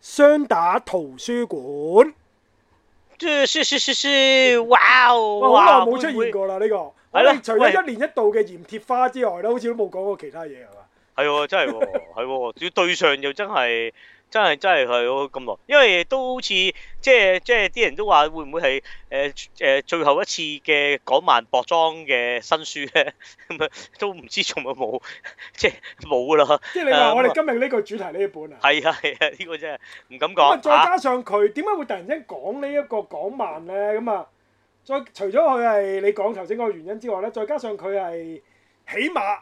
雙打圖書館，即係嘘嘘嘘嘘，哇，好耐冇出現過啦呢、這個。我哋除咗一年一度嘅鹽鐵花之外咧，好似都冇講過其他嘢係嘛？係喎、哦，真係喎、哦，係喎、 哦，要對上又真係。真係真係係好咁耐，因為都好似即係即係啲人都話會唔會係誒誒最後一次嘅港漫薄裝嘅新書咧？咁 啊都唔知仲有冇，即係冇啦。即係你話我哋今日呢個主題呢一本、嗯、啊？係啊係啊，呢、呢個真係唔敢講。再加上佢點解會突然之間講呢一個港漫咧？咁啊，再除咗佢係你講頭先嗰個原因之外咧，再加上佢係起碼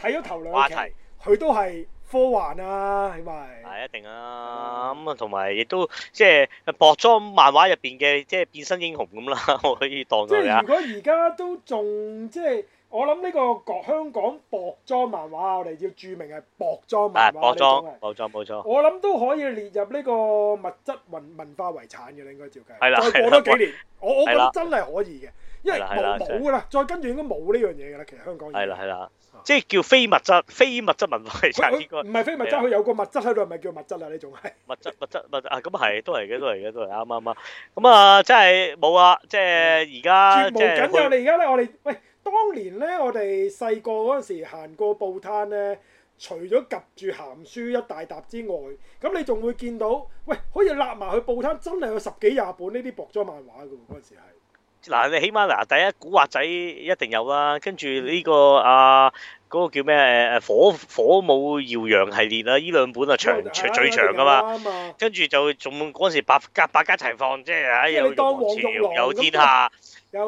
睇咗頭兩期，佢題都係。科幻啊，係咪？係，一定啊！咁啊、嗯，同埋亦都即係薄裝漫畫入邊嘅即係變身英雄咁啦，我可以當佢啊！如果而家都仲即係。我諗呢個港香港薄裝漫畫，我哋要著名係薄裝漫畫嚟講嘅。薄裝，冇錯。我諗都可以列入呢個物質文文化遺產嘅，你應該照計。係啦，係啦。再過多幾年，我我覺得真係可以嘅，因為冇冇噶啦，再跟住應該冇呢樣嘢噶啦。其實香港係啦，係啦，即係叫非物質非物質文化遺產應該。唔係非物質，佢有個物質喺度，咪叫物質啊？你仲係物質，物質物啊？咁啊係，都係嘅，都係嘅，都係啱啱啱。咁啊，即係冇啊！即係而家，即係佢。絕無僅有，你而家咧，我哋喂。當年咧，我哋細個嗰陣時行過報攤咧，除咗夾住鹹書一大沓之外，咁你仲會見到，喂，可以立埋去報攤，真係有十幾廿本呢啲薄裝漫畫噶喎。嗰陣時係，嗱你起碼嗱第一古惑仔一定有啦，跟住呢個啊嗰個叫咩誒誒火火舞耀揚系列啦，呢兩本啊長長最長噶嘛，跟住就仲嗰陣時百家百家齊放，即係啊有玉皇朝有天下。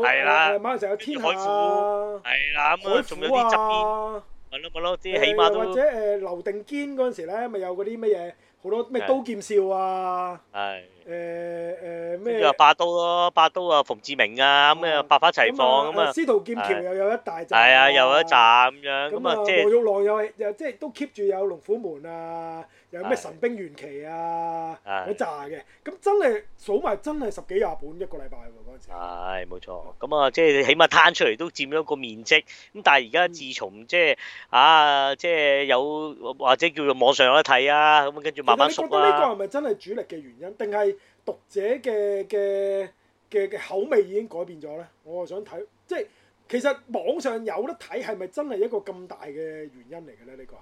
係啦，晚黑成日有天海係啦咁啊，仲有啲側邊，咪咯咯，即係起碼都、呃、或者誒劉、呃、定堅嗰陣時咧，咪有嗰啲乜嘢，好多咩刀劍笑啊，係的，誒誒咩，咁、呃、就霸刀咯，霸刀啊，馮志明啊，咁啊百花齊放咁啊、嗯呃，司徒劍僑又有一大站，係啊，嗯、又有一站咁、啊嗯嗯、樣，咁啊，黃玉郎又即係都 keep 住有龍虎門啊。有咩神兵玄奇啊，好炸嘅，咁真係數埋真係十幾廿本一個禮拜喎嗰陣時。係冇錯，咁啊即係你起碼攤出嚟都佔咗個面積。咁但係而家自從即、就、係、是嗯、啊，即、就、係、是、有或者叫做網上有得睇啊，咁跟住慢慢熟啦。咁呢個係咪真係主力嘅原因，定係讀者嘅嘅嘅嘅口味已經改變咗咧？我又想睇，即係其實網上有得睇係咪真係一個咁大嘅原因嚟嘅咧？呢、這個係。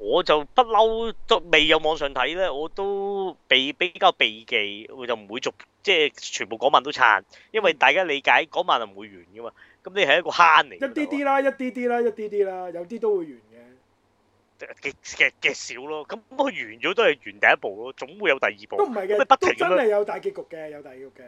我就不嬲，都未有網上睇咧，我都比比較避忌，我就唔會續即係全部講漫都撐，因為大家理解嗰漫就唔會完嘅嘛。咁你係一個慳嚟，一啲啲啦，一啲啲啦，一啲啲啦，有啲都會完嘅。極極極少咯，咁咁佢完咗都係完第一部咯，總會有第二部。都唔係嘅，都真係有大結局嘅，有大結局嘅。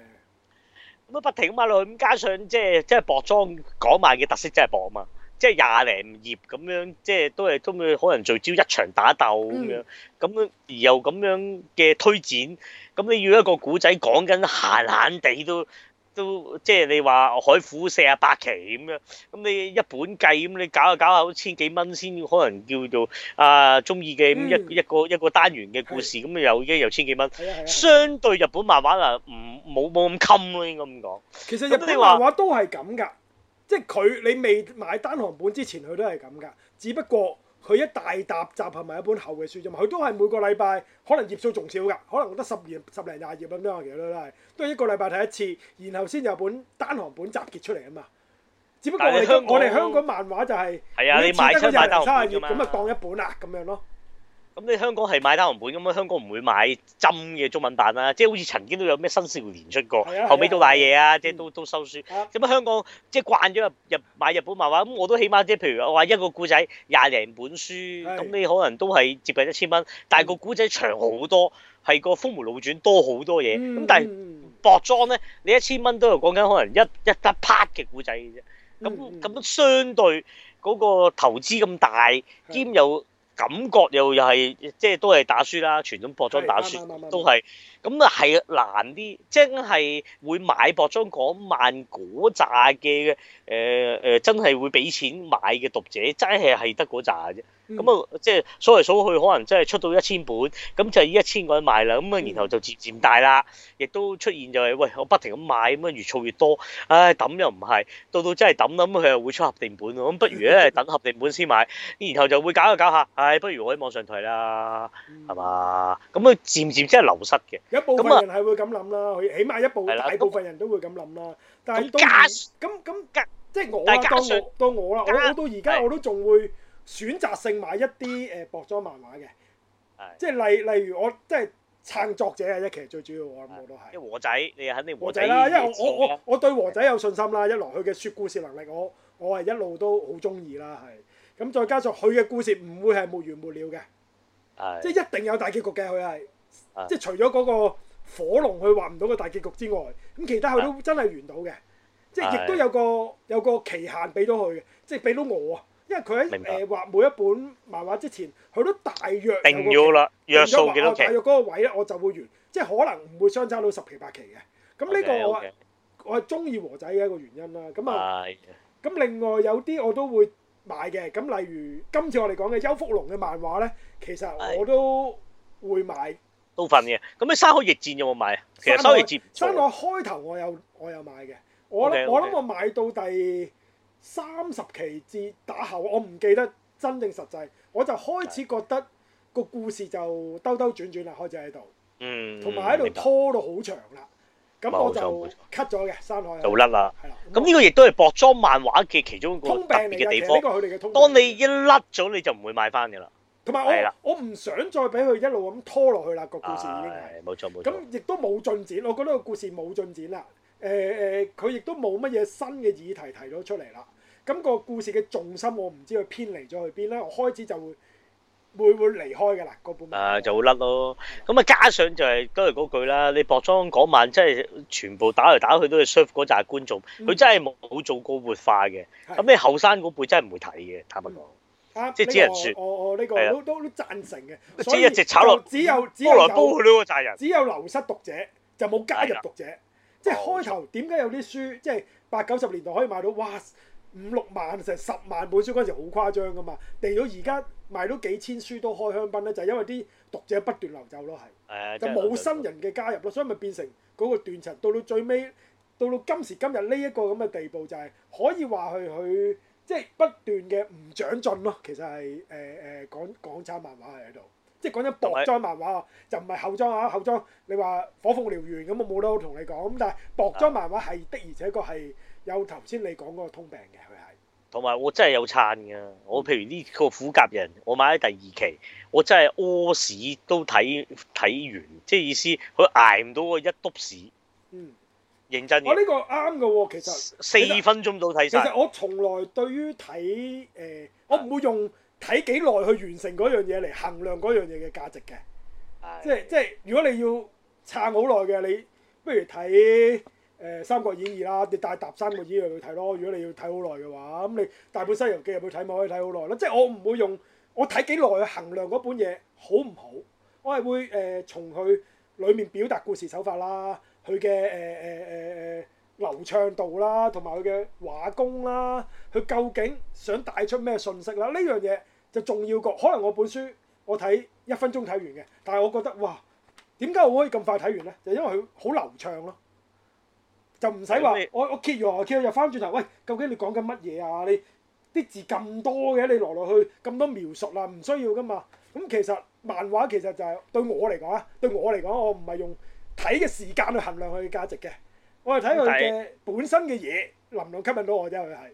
咁啊，不停咁埋落去，咁加上即係即係薄裝講漫嘅特色，即係薄啊嘛。即係廿零頁咁樣，即係都係都可能聚焦一場打鬥咁樣，咁、嗯、樣而又咁樣嘅推展。咁你要一個古仔講緊閒閒地都都，即係你話海虎四啊八期咁樣。咁你一本計咁，你搞下搞下，好千幾蚊先可能叫做啊鍾意嘅咁一一個,、嗯、一,個一個單元嘅故事。咁是又一又千幾蚊，相對日本漫畫啊，唔冇冇咁襟咯，應該咁講。其實日本漫畫都係咁㗎。即係佢，你未買單行本之前，佢都係咁噶。只不過佢一大沓集合埋一本厚嘅書啫嘛？佢都係每個禮拜可能頁數仲少㗎，可能得十二十零廿頁咁樣。其實都係都係一個禮拜睇一次，然後先有本單行本集結出嚟啊嘛。只不過我哋香、香港漫畫就係、係啊、你買出廿零三廿頁咁啊，當一本啦咁樣咯。咁你香港係買單行本咁啊？香港唔會買針嘅中文版啦，即係好似曾經都有咩新少年出過，後尾都賴嘢啊！即係都都收書。咁啊，香港即係慣咗入買日本漫畫，咁我都起碼即係譬如我話一個古仔廿零本書，咁你是可能都係接近一千蚊。但係個古仔長好多，係個峰迴路轉多好多嘢。咁但係薄裝咧，你一千蚊都係講緊可能一一得 part 嘅古仔嘅啫。咁咁相對嗰個投資咁大，兼有。感覺又又係，即係都係打輸啦，傳統薄裝打輸，都係。咁啊，係難啲，即係會買薄裝嗰萬嗰扎嘅，誒、呃、誒，真係會俾錢買嘅讀者，真係係得嗰扎嘅啫。咁啊，即係數嚟數去，可能真係出到一千本，咁就呢一千個賣啦。咁啊，然後就漸漸大啦，亦都出現就係喂，我不停咁買咁啊，越儲越多。唉，抌又唔係，到到真係抌啦，咁佢又會出合訂本。咁不如咧等合訂本先買，然後就會搞一搞下。唉，不如我喺網上睇啦，係嘛？咁佢漸漸真係流失嘅。有部分人係會咁諗啦，佢起碼一部大部分人都會咁諗啦。但係都咁咁，即係我當我當啦，我到而家我都仲會。選擇性買一啲誒薄裝漫畫嘅，即係例例如我即係撐作者嘅一其實最主要我諗我都係。一和仔，你肯定和仔啦，因為我的我我，我對和仔有信心啦，一來佢嘅說故事能力，我我係一路都好中意啦，係咁再加上佢嘅故事唔會係無完無了嘅，的即係一定有大結局嘅，佢係的即係除咗嗰個火龍佢畫唔到個大結局之外，咁其他佢都真係完到嘅，即係亦都有個有個期限俾到佢嘅，即係俾到我啊。因為佢喺誒畫每一本漫畫之前，佢都大約定要啦，約數幾多期，大約嗰個位咧，我就會完，即係可能唔會相差到十期、八期嘅。咁呢個我我係中意和仔嘅一個原因啦。咁啊，咁、哎、另外有啲我都會買嘅。咁例如今次我哋講嘅邱福龍嘅漫畫咧，其實我都會買。部分嘅。咁你《山海逆戰》有冇買啊？《山海逆戰》山海開頭我有我有，我有買嘅。我 okay, okay. 我諗我買到第。三十期至打後，我唔記得真正實際，我就開始覺得個故事就兜兜轉轉啦，開始喺度，同埋喺度拖到好長啦。咁看我就 cut 咗嘅山海就甩啦。咁呢錯個亦都係薄裝漫畫嘅其中一個通病嘅地方。通通當你一甩咗，你就唔會買翻嘅啦。同埋、嗯、我了我唔想再俾佢一路咁拖落去啦。個故事已經冇錯冇錯，咁亦都冇進展。我覺得個故事冇進展啦。誒誒，佢亦都冇乜嘢新嘅議題提咗出嚟啦。咁、嗯、個故事嘅重心，我唔知佢偏離咗去邊咧。我開始就會會會離開㗎啦，個本。誒就會甩咯。咁啊，嗯、加上就係、是、都係嗰句啦。你博莊嗰晚真係全部打嚟打去都係 shift 嗰扎觀眾，佢、嗯、真係冇做過活化嘅。咁、嗯、你後生嗰輩真係唔會睇嘅，坦白講。啊、即係只能説。我我呢個都、嗯、都，都，都，都，都贊成嘅。即係一直炒落，只有只有走。只有，只有只流失讀者，就冇加入讀者。啊啊啊即係開頭點解有啲書，即係八九十年代可以賣到哇五六萬成十萬本書嗰陣時好誇張噶嘛，地到而家賣到幾千書都開香檳咧，就係、是、因為啲讀者不斷流走咯，係的就冇新人嘅加入咯，所以咪變成嗰個斷層，到最到最尾到到今時今日呢一個咁嘅地步，就係、是、可以話係佢即係不斷嘅唔長進咯。其實係誒誒，港、呃、港、呃、產漫畫喺度。即係講緊，薄裝漫畫啊，有就唔係厚裝啊。厚裝你話火鳳燎原咁，我冇得同你講。咁但係薄裝漫畫係的，而且確係有頭先你講嗰個通病嘅，佢係。同埋我真係有撐㗎。我譬如呢個《虎甲人》，我買喺第二期，我真係屙屎都睇睇完。即係意思，佢捱唔到個一篤屎。嗯，認真，我呢個啱㗎喎，其實四分鐘到睇曬。其實我從來對於睇誒、呃，我唔會用。睇幾耐去完成嗰樣嘢嚟衡量嗰樣嘢嘅價值嘅，的即係即係如果你要撐好耐嘅，你不如睇誒、呃《三國演義》啦，你帶搭《三國演義》呢樣去睇咯。如果你要睇好耐嘅話，咁你帶本《西遊記》入去睇咪可以睇好耐咯。即係我唔會用我睇幾耐去衡量嗰本嘢好唔好，我係會誒從佢裡面表達故事手法啦，佢嘅誒誒誒誒流暢度啦，同埋佢嘅畫工啦，佢究竟想帶出咩信息啦，呢樣嘢。就重要過，可能我本書我睇一分鐘睇完嘅，但係我覺得哇，點解我可以咁快睇完呢？就因為佢好流暢咯，就唔使話我我揭咗，揭咗又翻轉頭，喂，究竟你講緊乜嘢啊？你啲字咁多嘅，你來來去咁多描述啦，唔需要噶嘛。咁其實漫畫其實就係對我嚟講嚇，對我嚟講，我唔係用睇嘅時間去衡量佢嘅價值嘅，我係睇佢嘅本身嘅嘢，能唔能夠吸引到我啫，佢係。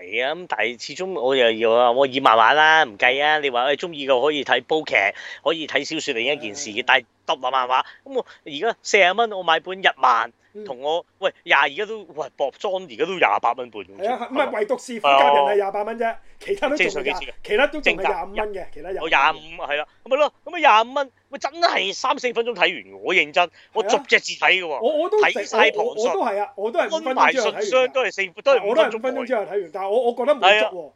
係啊，咁但係始終我又要啊，我熱漫畫啦，唔計啊！你話誒中意嘅可以睇煲劇，可以睇小說另一件事，但係讀畫漫畫，咁我而家四十蚊我買本日漫。同我喂廿而家都喂薄裝而家都廿八蚊半，唔係唯獨師傅家人係廿八蚊啫，其他都仲係廿，其他都仲係廿五蚊嘅，其他有廿五，係啦咁咪咯，咁啊廿五蚊，咪真係三四分鐘睇完，我認真，我逐隻字睇嘅喎，我我都睇晒，旁述，都係啊，我都係五分鐘之後睇完，都係四，都係五分鐘之後睇完，但係我我覺得滿足喎，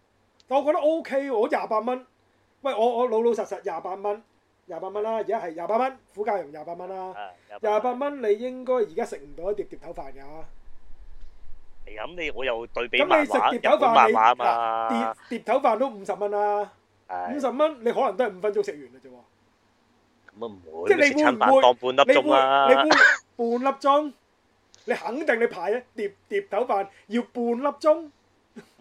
但係我覺得 OK，我廿八蚊，喂我我老老實實廿八蚊。廿八蚊啦，而家係廿八蚊，虎甲人廿八蚊啦。廿八蚊你應該而家食唔到一碟碟頭飯㗎。咁你我又對比，咁你食碟頭飯漫畫碟碟頭飯都五十蚊啊。五十蚊你可能都係五分鐘食完㗎啫喎。咁啊唔會，即係你會唔會半粒鐘啊？半粒鐘，你肯定你排一碟碟，碟頭飯要半粒鐘。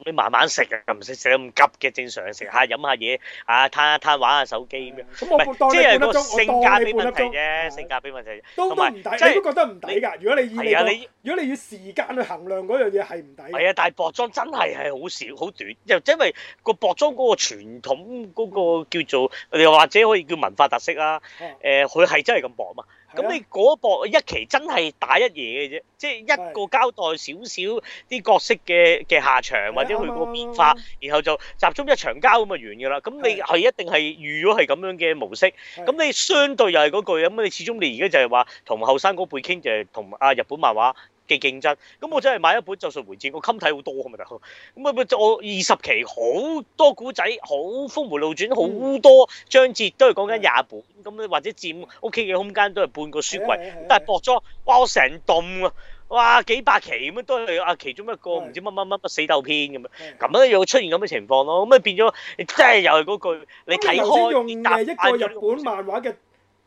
你慢慢食啊，唔使食咁急嘅，正常食下飲下嘢，啊嘆下嘆，玩下手機咁樣。唔即係個性價比啫，性價比問題。都都唔抵，你都覺得唔抵噶？如果你以你，如果你以時間去衡量嗰樣嘢，係唔抵。係啊，但係薄裝真係係好少好短，又因為個薄裝嗰個傳統嗰個叫做又或者可以叫文化特色啦。誒，佢係真係咁薄啊嘛。咁你嗰一一期真係打一嘢嘅啫，即係一個交代少少啲角色嘅嘅下場或者佢個變化，然後就集中一場交咁就完㗎啦。咁你係一定係預咗係咁樣嘅模式，咁你相對又係嗰句咁，你始終你而家就係話同後生嗰輩傾就係同啊日本漫畫嘅競爭，咁我真係買一本咒術回戰，我襟睇好多咁啊！咁啊，我二十期好多古仔，好峰回路轉，好多章節都係講緊廿本咁啊，嗯、或者佔屋企嘅空間都係半個書櫃，但係博咗，哇，我成棟啊！哇，幾百期咁啊，都係啊其中一個唔知乜乜乜死鬥片，咁樣，咁啊又出現咁嘅情況咯，咁啊變咗即係又係嗰句，你睇開答案日本漫畫嘅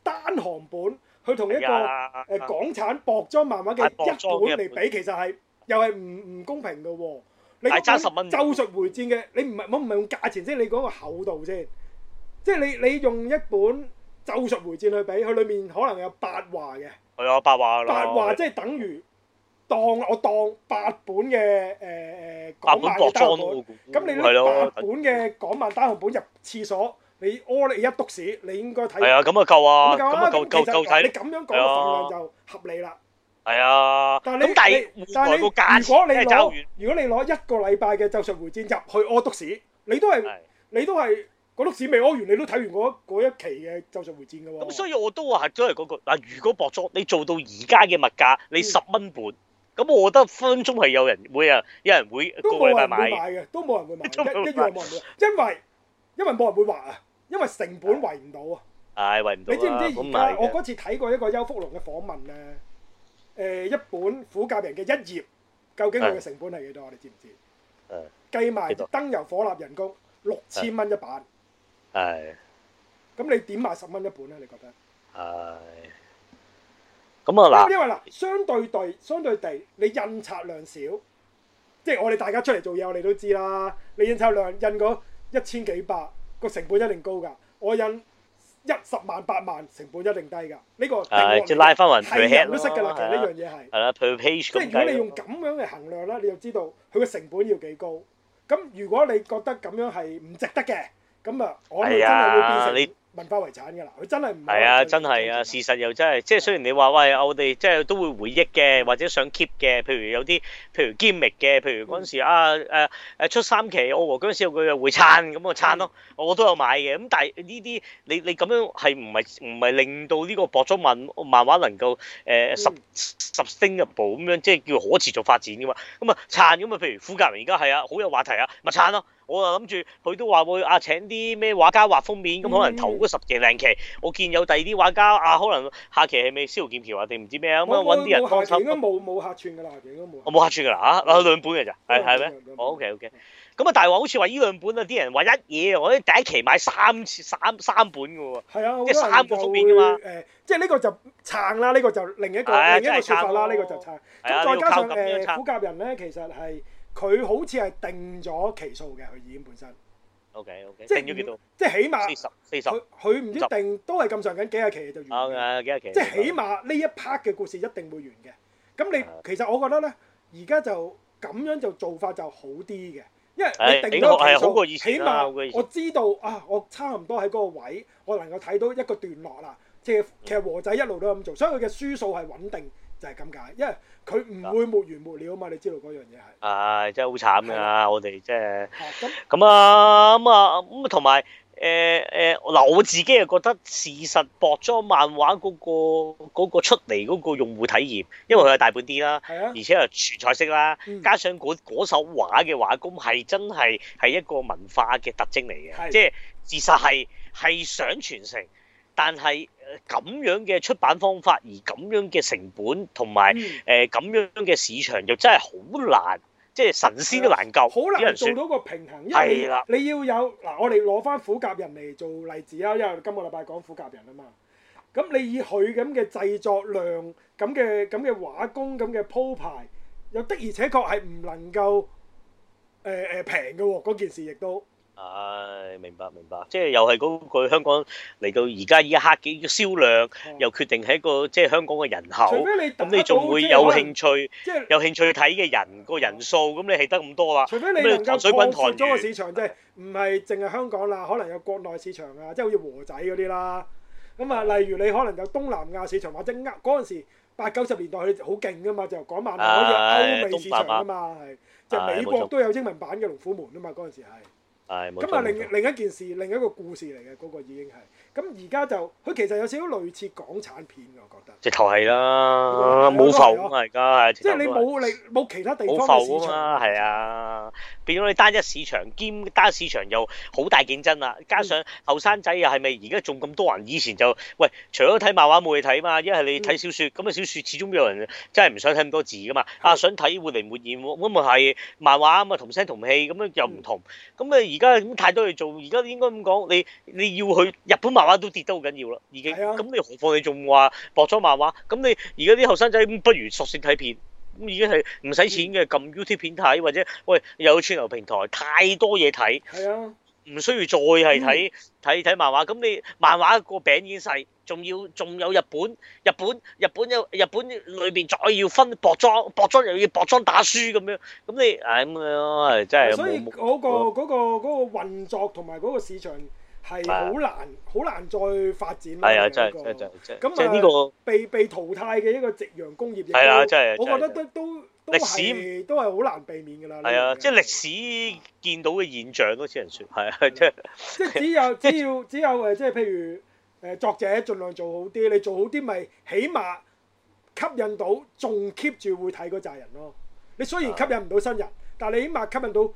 單行本。佢同一個誒港產薄裝漫畫嘅一本嚟比，其實係又係唔唔公平嘅喎。你講《咒術回戰》嘅，你唔係我唔係用價錢先，你講個厚度先，即係你你用一本《咒術回戰》去比，佢裏面可能有八話嘅。係啊，八話。八話即係等於當我當八本嘅誒誒港漫單行本。本，咁你攞八本嘅港漫單行本入廁所？你屙你一篤屎，你應該睇。係啊，咁啊夠啊，咁啊夠夠夠睇。你咁樣講個份量就合理啦。係啊，但係你但係你如果你攞如果你攞一個禮拜嘅《咒術迴戰》入去屙篤屎，你都係你都係嗰篤屎未屙完，你都睇完嗰嗰一期嘅《咒術迴戰》噶喎。咁所以我都話係都係嗰句嗱，如果博叔你做到而家嘅物價，你十蚊本，咁我覺得分分鐘係有人會啊，有人會個個價買嘅，都冇人會買嘅，都冇人會買，一樣冇人會，因為因為冇人會買啊。因為成本圍唔到啊，係圍唔到、啊。你知唔知而家我嗰次睇過一個邱福龍嘅訪問咧？誒、呃，一本《虎甲人》嘅一頁，究竟佢嘅成本係幾多？哎、你知唔知？誒、哎，計埋燈油、火蠟、人工，六千蚊一版。係、哎。咁你點賣十蚊一本咧？你覺得？係、哎。咁啊嗱，因為嗱，相對對，相對地，你印刷量少，即係我哋大家出嚟做嘢，我哋都知啦。你印刷量印嗰一千幾百。成本一定高噶，我印一十萬八萬成本一定低噶，呢、這個帝王、啊、都識噶啦，其實呢樣嘢係。係，即係拉翻雲，佢 h 都識噶啦。係啦，佢 page 即係如果你用咁樣嘅衡量啦，啊、你就知道佢個成本要幾高。咁如果你覺得咁樣係唔值得嘅，咁啊，我哋真係會變成。哎、你。文化遺產㗎啦，佢真係唔係啊！真係啊！事實又真係，即係雖然你話喂，我哋即係都會回憶嘅，的或者想 keep 嘅，譬如有啲，譬如簽名嘅，譬如嗰陣時、嗯、啊誒誒、啊、出三期《我和殭屍》，佢又會撐咁啊撐咯，的我都有買嘅。咁但係呢啲你你咁樣係唔係唔係令到呢個博咗文漫畫能夠誒、呃、十、嗯、十星一步咁樣，即係叫可持續發展㗎嘛？咁啊撐咁啊，譬如《虎甲人》，而家係啊，好有話題啊，咪撐咯！我啊諗住佢都話會啊請啲咩畫家畫封面，咁、嗯、可能頭。十幾零期，我見有第二啲畫家啊，可能下期係咪蕭劍橋啊定唔知咩啊咁樣搵啲人當參。冇冇客串噶啦，應該冇。我冇客串噶啦吓，兩本嘅咋？係係咩？OK OK。咁啊，大話好似話呢兩本啊，啲人話一嘢，我喺第一期買三次三三本噶喎。係啊，即係三個封面噶嘛。誒，即係呢個就撐啦，呢個就另一個另一個說法啦。呢個就撐。係啊，靠咁樣撐。再加上誒，虎甲人咧，其實係佢好似係定咗期數嘅，佢已經本身。O K O K，定咗幾五十多？即係起碼四十，佢佢唔一定都係咁上緊幾日期就完，完。Okay, 即係起碼呢一 part 嘅故事一定會完嘅。咁你其實我覺得咧，而家就咁樣就做法就好啲嘅，因為你定咗期數，好過以前，起碼我知道，我知道啊，我差唔多喺嗰個位，我能夠睇到一個段落啦。即係其實和仔一路都咁做，所以佢嘅輸數係穩定。就係咁解，因為佢唔會冇完冇了嘛，你知道嗰樣嘢係。唉、啊，真係好慘㗎，的我哋即係。咁啊咁啊咁同埋誒誒嗱，我自己又覺得事實薄咗漫畫嗰、嗰個嗰個出嚟嗰個用戶體驗，因為佢係大半啲啦，係啊，而且又全彩色啦，加上嗰嗰畫嘅畫工係真係係一個文化嘅特徵嚟嘅，的即係事實係係想傳承，但係咁樣嘅出版方法，而咁樣嘅成本同埋誒咁樣嘅市場，就、嗯、真係好難，即、就、係、是、神仙都難救，好難做到個平衡。係啦的，你要有嗱、啊，我哋攞翻《虎甲人》嚟做例子啊，因為今個禮拜講《虎甲人》啊嘛。咁你以佢咁嘅製作量、咁嘅咁嘅畫工、咁嘅鋪排，又的而且確係唔能夠誒誒平嘅喎，嗰、呃呃啊、件事亦都。唉，明白明白，即係又係嗰個香港嚟到而家依一刻嘅銷量，又決定係一個即係香港嘅人口。咁你仲會有興趣，即係有興趣去睇嘅人個人數，咁你係得咁多啦。除非你能夠擴大咗個市場啫，唔係淨係香港啦，可能有國內市場啊，即係好似和仔嗰啲啦。咁啊，例如你可能有東南亞市場，或者嗰陣時八九十年代佢好勁噶嘛，就港漫可以歐美市場啊嘛，係，就美國都有英文版嘅龍虎門啊嘛，嗰陣時係。咁啊，另錯另一件事，另一個故事嚟嘅，嗰個已經係。咁而家就佢其實有少少類似港產片，我覺得直頭係啦，冇浮啊而家，即係你冇，你冇其他地方嘅市場啊，係啊，變咗你單一市場兼單一市場又好大競爭啦。加上後生仔又係咪而家仲咁多人？以前就喂，除咗睇漫畫冇嘢睇啊嘛，一係你睇小説，咁啊、嗯、小説始終都有人真係唔想睇咁多字㗎嘛。嗯、啊，想睇活靈活現喎，會唔會係漫畫咁啊，同聲同氣咁啊又唔同，咁啊而家咁太多嘢做，而家應該咁講，你你要去日本漫畫都跌得好緊要啦，已經咁、啊、你何況你仲話薄裝漫畫？咁你而家啲後生仔不如索性睇片，咁已經係唔使錢嘅，撳 YouTube 片睇或者喂有串流平台，太多嘢睇，唔、啊、需要再係睇睇睇漫畫。咁你漫畫個餅已經細，仲要仲有日本、日本、日本有日本裏邊再要分薄裝，薄裝又要薄裝打輸咁樣。咁你唉咁樣，真係所以嗰、嗰個嗰、嗰個嗰、嗰個嗰個運作同埋嗰個市場。係好難，好難再發展啦。係啊，真係真真真。咁呢個被被淘汰嘅一個夕陽工業。係啊，真係。我覺得都都歷史都係好難避免噶啦。係啊，即係歷史見到嘅現象咯，只能說。係啊，即係即係只有只要只有誒，即係譬如誒作者盡量做好啲，你做好啲，咪起碼吸引到仲 keep 住會睇嗰扎人咯。你雖然吸引唔到新人，但係你起碼吸引到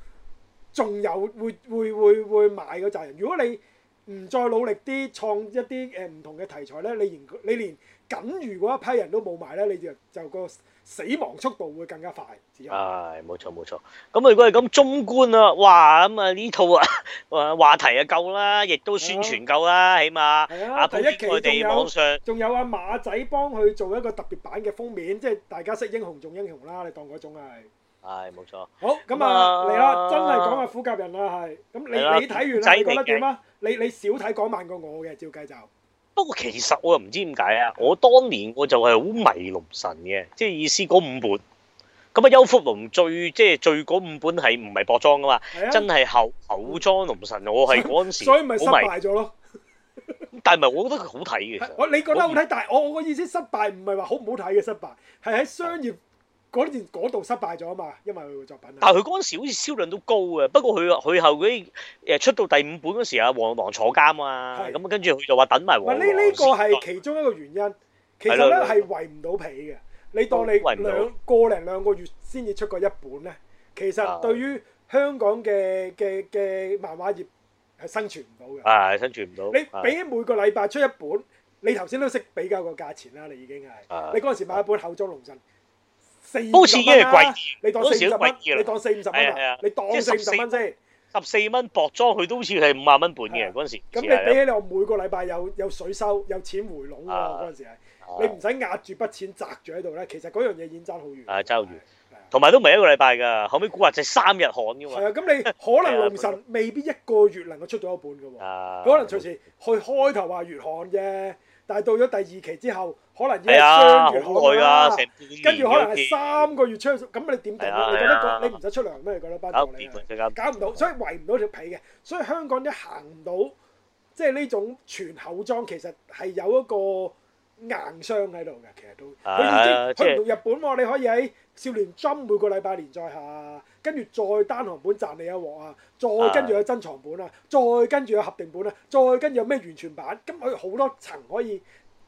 仲有會會會會買嗰扎人。如果你唔再努力啲創一啲誒唔同嘅題材咧，你連你連僅餘嗰一批人都冇埋咧，你就就個死亡速度會更加快。係冇錯冇錯。咁如果係咁中觀啊，哇咁啊呢套啊話題啊夠啦，亦都宣傳夠啦，啊、起碼阿、啊啊、第一期仲有仲有阿、啊、馬仔幫佢做一個特別版嘅封面，即係大家識英雄重英雄啦，你當嗰種係。係冇錯，哎、錯好咁、嗯嗯、啊嚟啦！真係講下虎甲人》啦，係、嗯、咁、嗯、你你睇完啦，你覺得點啊？你你少睇講慢過我嘅，照計就。不過其實我又唔知點解啊！我當年我就係好迷龍神嘅，即係意思嗰五本。咁啊，邱福龍最即係最嗰五本係唔係薄裝噶嘛？真係厚厚裝龍神，我係嗰陣時 所，所以咪好迷咗咯。 但係咪我覺得佢好睇嘅？我 你覺得好睇，但係我個意思失敗唔係話好唔好睇嘅失敗，係喺商業。 嗰度失敗咗啊嘛，因為佢作品。但係佢嗰陣時好似銷量都高嘅，不過佢佢後嗰出到第五本嗰時啊，黃黃坐監啊嘛，咁跟住佢就話等埋黃黃。呢呢個係其中一個原因。其實咧係圍唔到皮嘅。你當你兩個零兩個月先至出過一本咧，其實對於香港嘅嘅嘅漫畫業係生存唔到嘅。係生存唔到。你俾每個禮拜出一本，你頭先都識比較個價錢啦，你已經係。你嗰陣時買一本厚裝龍神。好似已經係貴你當四十蚊嘅，你當四五十蚊你當四十蚊先，十四蚊薄裝佢都好似係五啊蚊本嘅嗰陣時。咁你俾你我每個禮拜有有水收，有錢回籠喎，嗰陣時你唔使壓住筆錢砸住喺度咧，其實嗰樣嘢已經爭好遠。係周完，同埋都唔係一個禮拜㗎，後尾估話就三日刊啫嘛。係啊，咁你可能唔順，未必一個月能夠出到一半嘅喎，可能隨時去開頭話月刊啫。但係到咗第二期之後，可能已經要雙月號啦，跟住、啊、可能係三個月出去咁，嗯、你點定、啊、你覺得你唔使出糧咩？你覺得班道理啊？是啊啊搞唔到，所以圍唔到條皮嘅，所以香港啲行唔到，即係呢種全厚裝其實係有一個硬傷喺度嘅，其實都佢、uh, 已經去唔同日本喎，uh, 你可以喺少年 Jump 每個禮拜連載下，跟住再單行本賺你一鑊啊，再跟住有珍藏本啊、uh, 再跟住有合訂本啊，再跟住有咩完全版，咁佢好多層可以，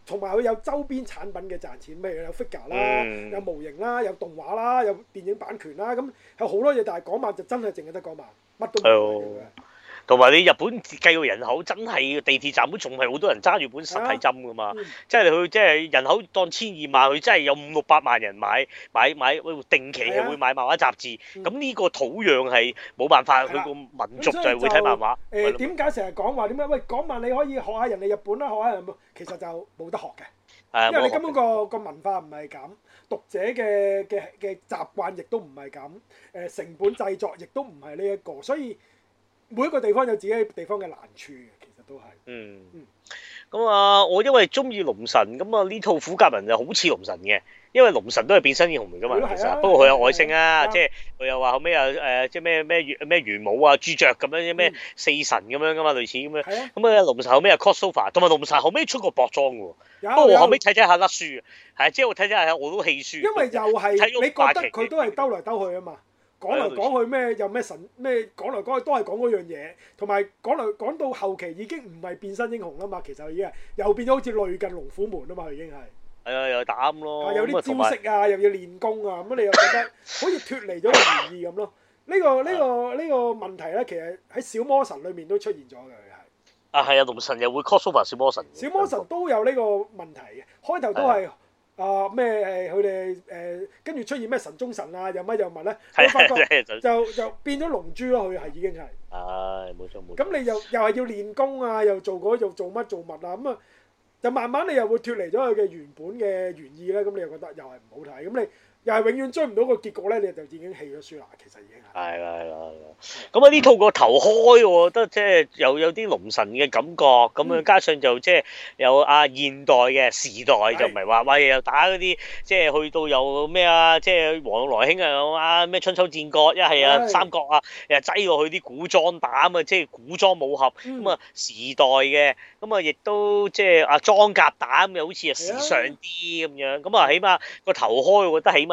同埋佢有周邊產品嘅賺錢，咩有 figure 啦，um, 有模型啦，有動畫啦，有電影版權啦，咁有好多嘢，但係講漫就真係淨係得個漫，乜都冇嘅。Uh, 同埋你日本計個人口真係地鐵站都仲係好多人揸住本實體針噶嘛，即係佢即係人口當千二萬，佢真係有五六百萬人買買買，喂定期係會買漫畫雜誌，咁呢個土壤係冇辦法，佢個民族就係會睇漫畫。誒點解成日講話點解？喂，港漫你可以學下人哋日本啦，學下人其實就冇得學嘅，因為你根本個個文化唔係咁，讀者嘅嘅嘅習慣亦都唔係咁，誒成本製作亦都唔係呢一個，所以。每一個地方有自己地方嘅難處，其實都係。嗯嗯，咁啊，我因為中意龍神，咁啊呢套虎甲人就好似龍神嘅，因為龍神都係變身英雄嚟噶嘛，其實。不過佢有外星啊，即係佢又話後尾又誒即係咩咩咩玄武啊、朱雀咁樣啲咩四神咁樣噶嘛，類似咁樣。咁啊，龍神後尾又 cos sofa，同埋龍神後尾出過薄裝喎。不過我後尾睇睇下甩書啊，即係我睇睇下我都氣輸。因為又係你覺得佢都係兜嚟兜去啊嘛。講嚟講去咩又咩神？咩講嚟講去都係講嗰樣嘢，同埋講嚟講到後期已經唔係變身英雄啦嘛，其實已經又變咗好似類近龍虎門啦嘛，佢已經係。係啊，又打咁咯。有啲招式啊，是又要練功啊，咁你又覺得好似脱離咗意義咁咯？呢、 呢個呢、呢個呢、呢個問題咧，其實喺小魔神裏面都出現咗嘅係。啊係啊，龍神又會 cosplay 小魔神。小魔神都有呢個問題嘅，開頭都係。啊咩？佢哋誒跟住出現咩神中神啊？又乜又物咧？我 發覺就就變咗龍珠咯。佢係已經係。唉、哎，冇錯冇錯。咁你又又係要練功啊？又做嗰、那個、又做乜做乜啊？咁啊，就慢慢你又會脱離咗佢嘅原本嘅原意咧。咁你又覺得又係唔好睇。咁你。又係永遠追唔到個結局咧，你就已經棄咗書啦。 其實已經係係啦係啦。咁啊呢套個頭開喎，我覺得即係又有啲龍神嘅感覺。咁啊、嗯、加上就即係有啊現代嘅時代就唔係話喂又打嗰啲即係去到有咩啊？即係黃老來兄啊咁啊咩春秋戰國一係啊三國啊，又擠過去啲古裝打啊嘛，即係古裝武俠咁啊、嗯嗯嗯、時代嘅咁啊亦都即係啊裝甲打咁又好似係時尚啲咁樣。咁啊起碼個頭開，我覺得起碼。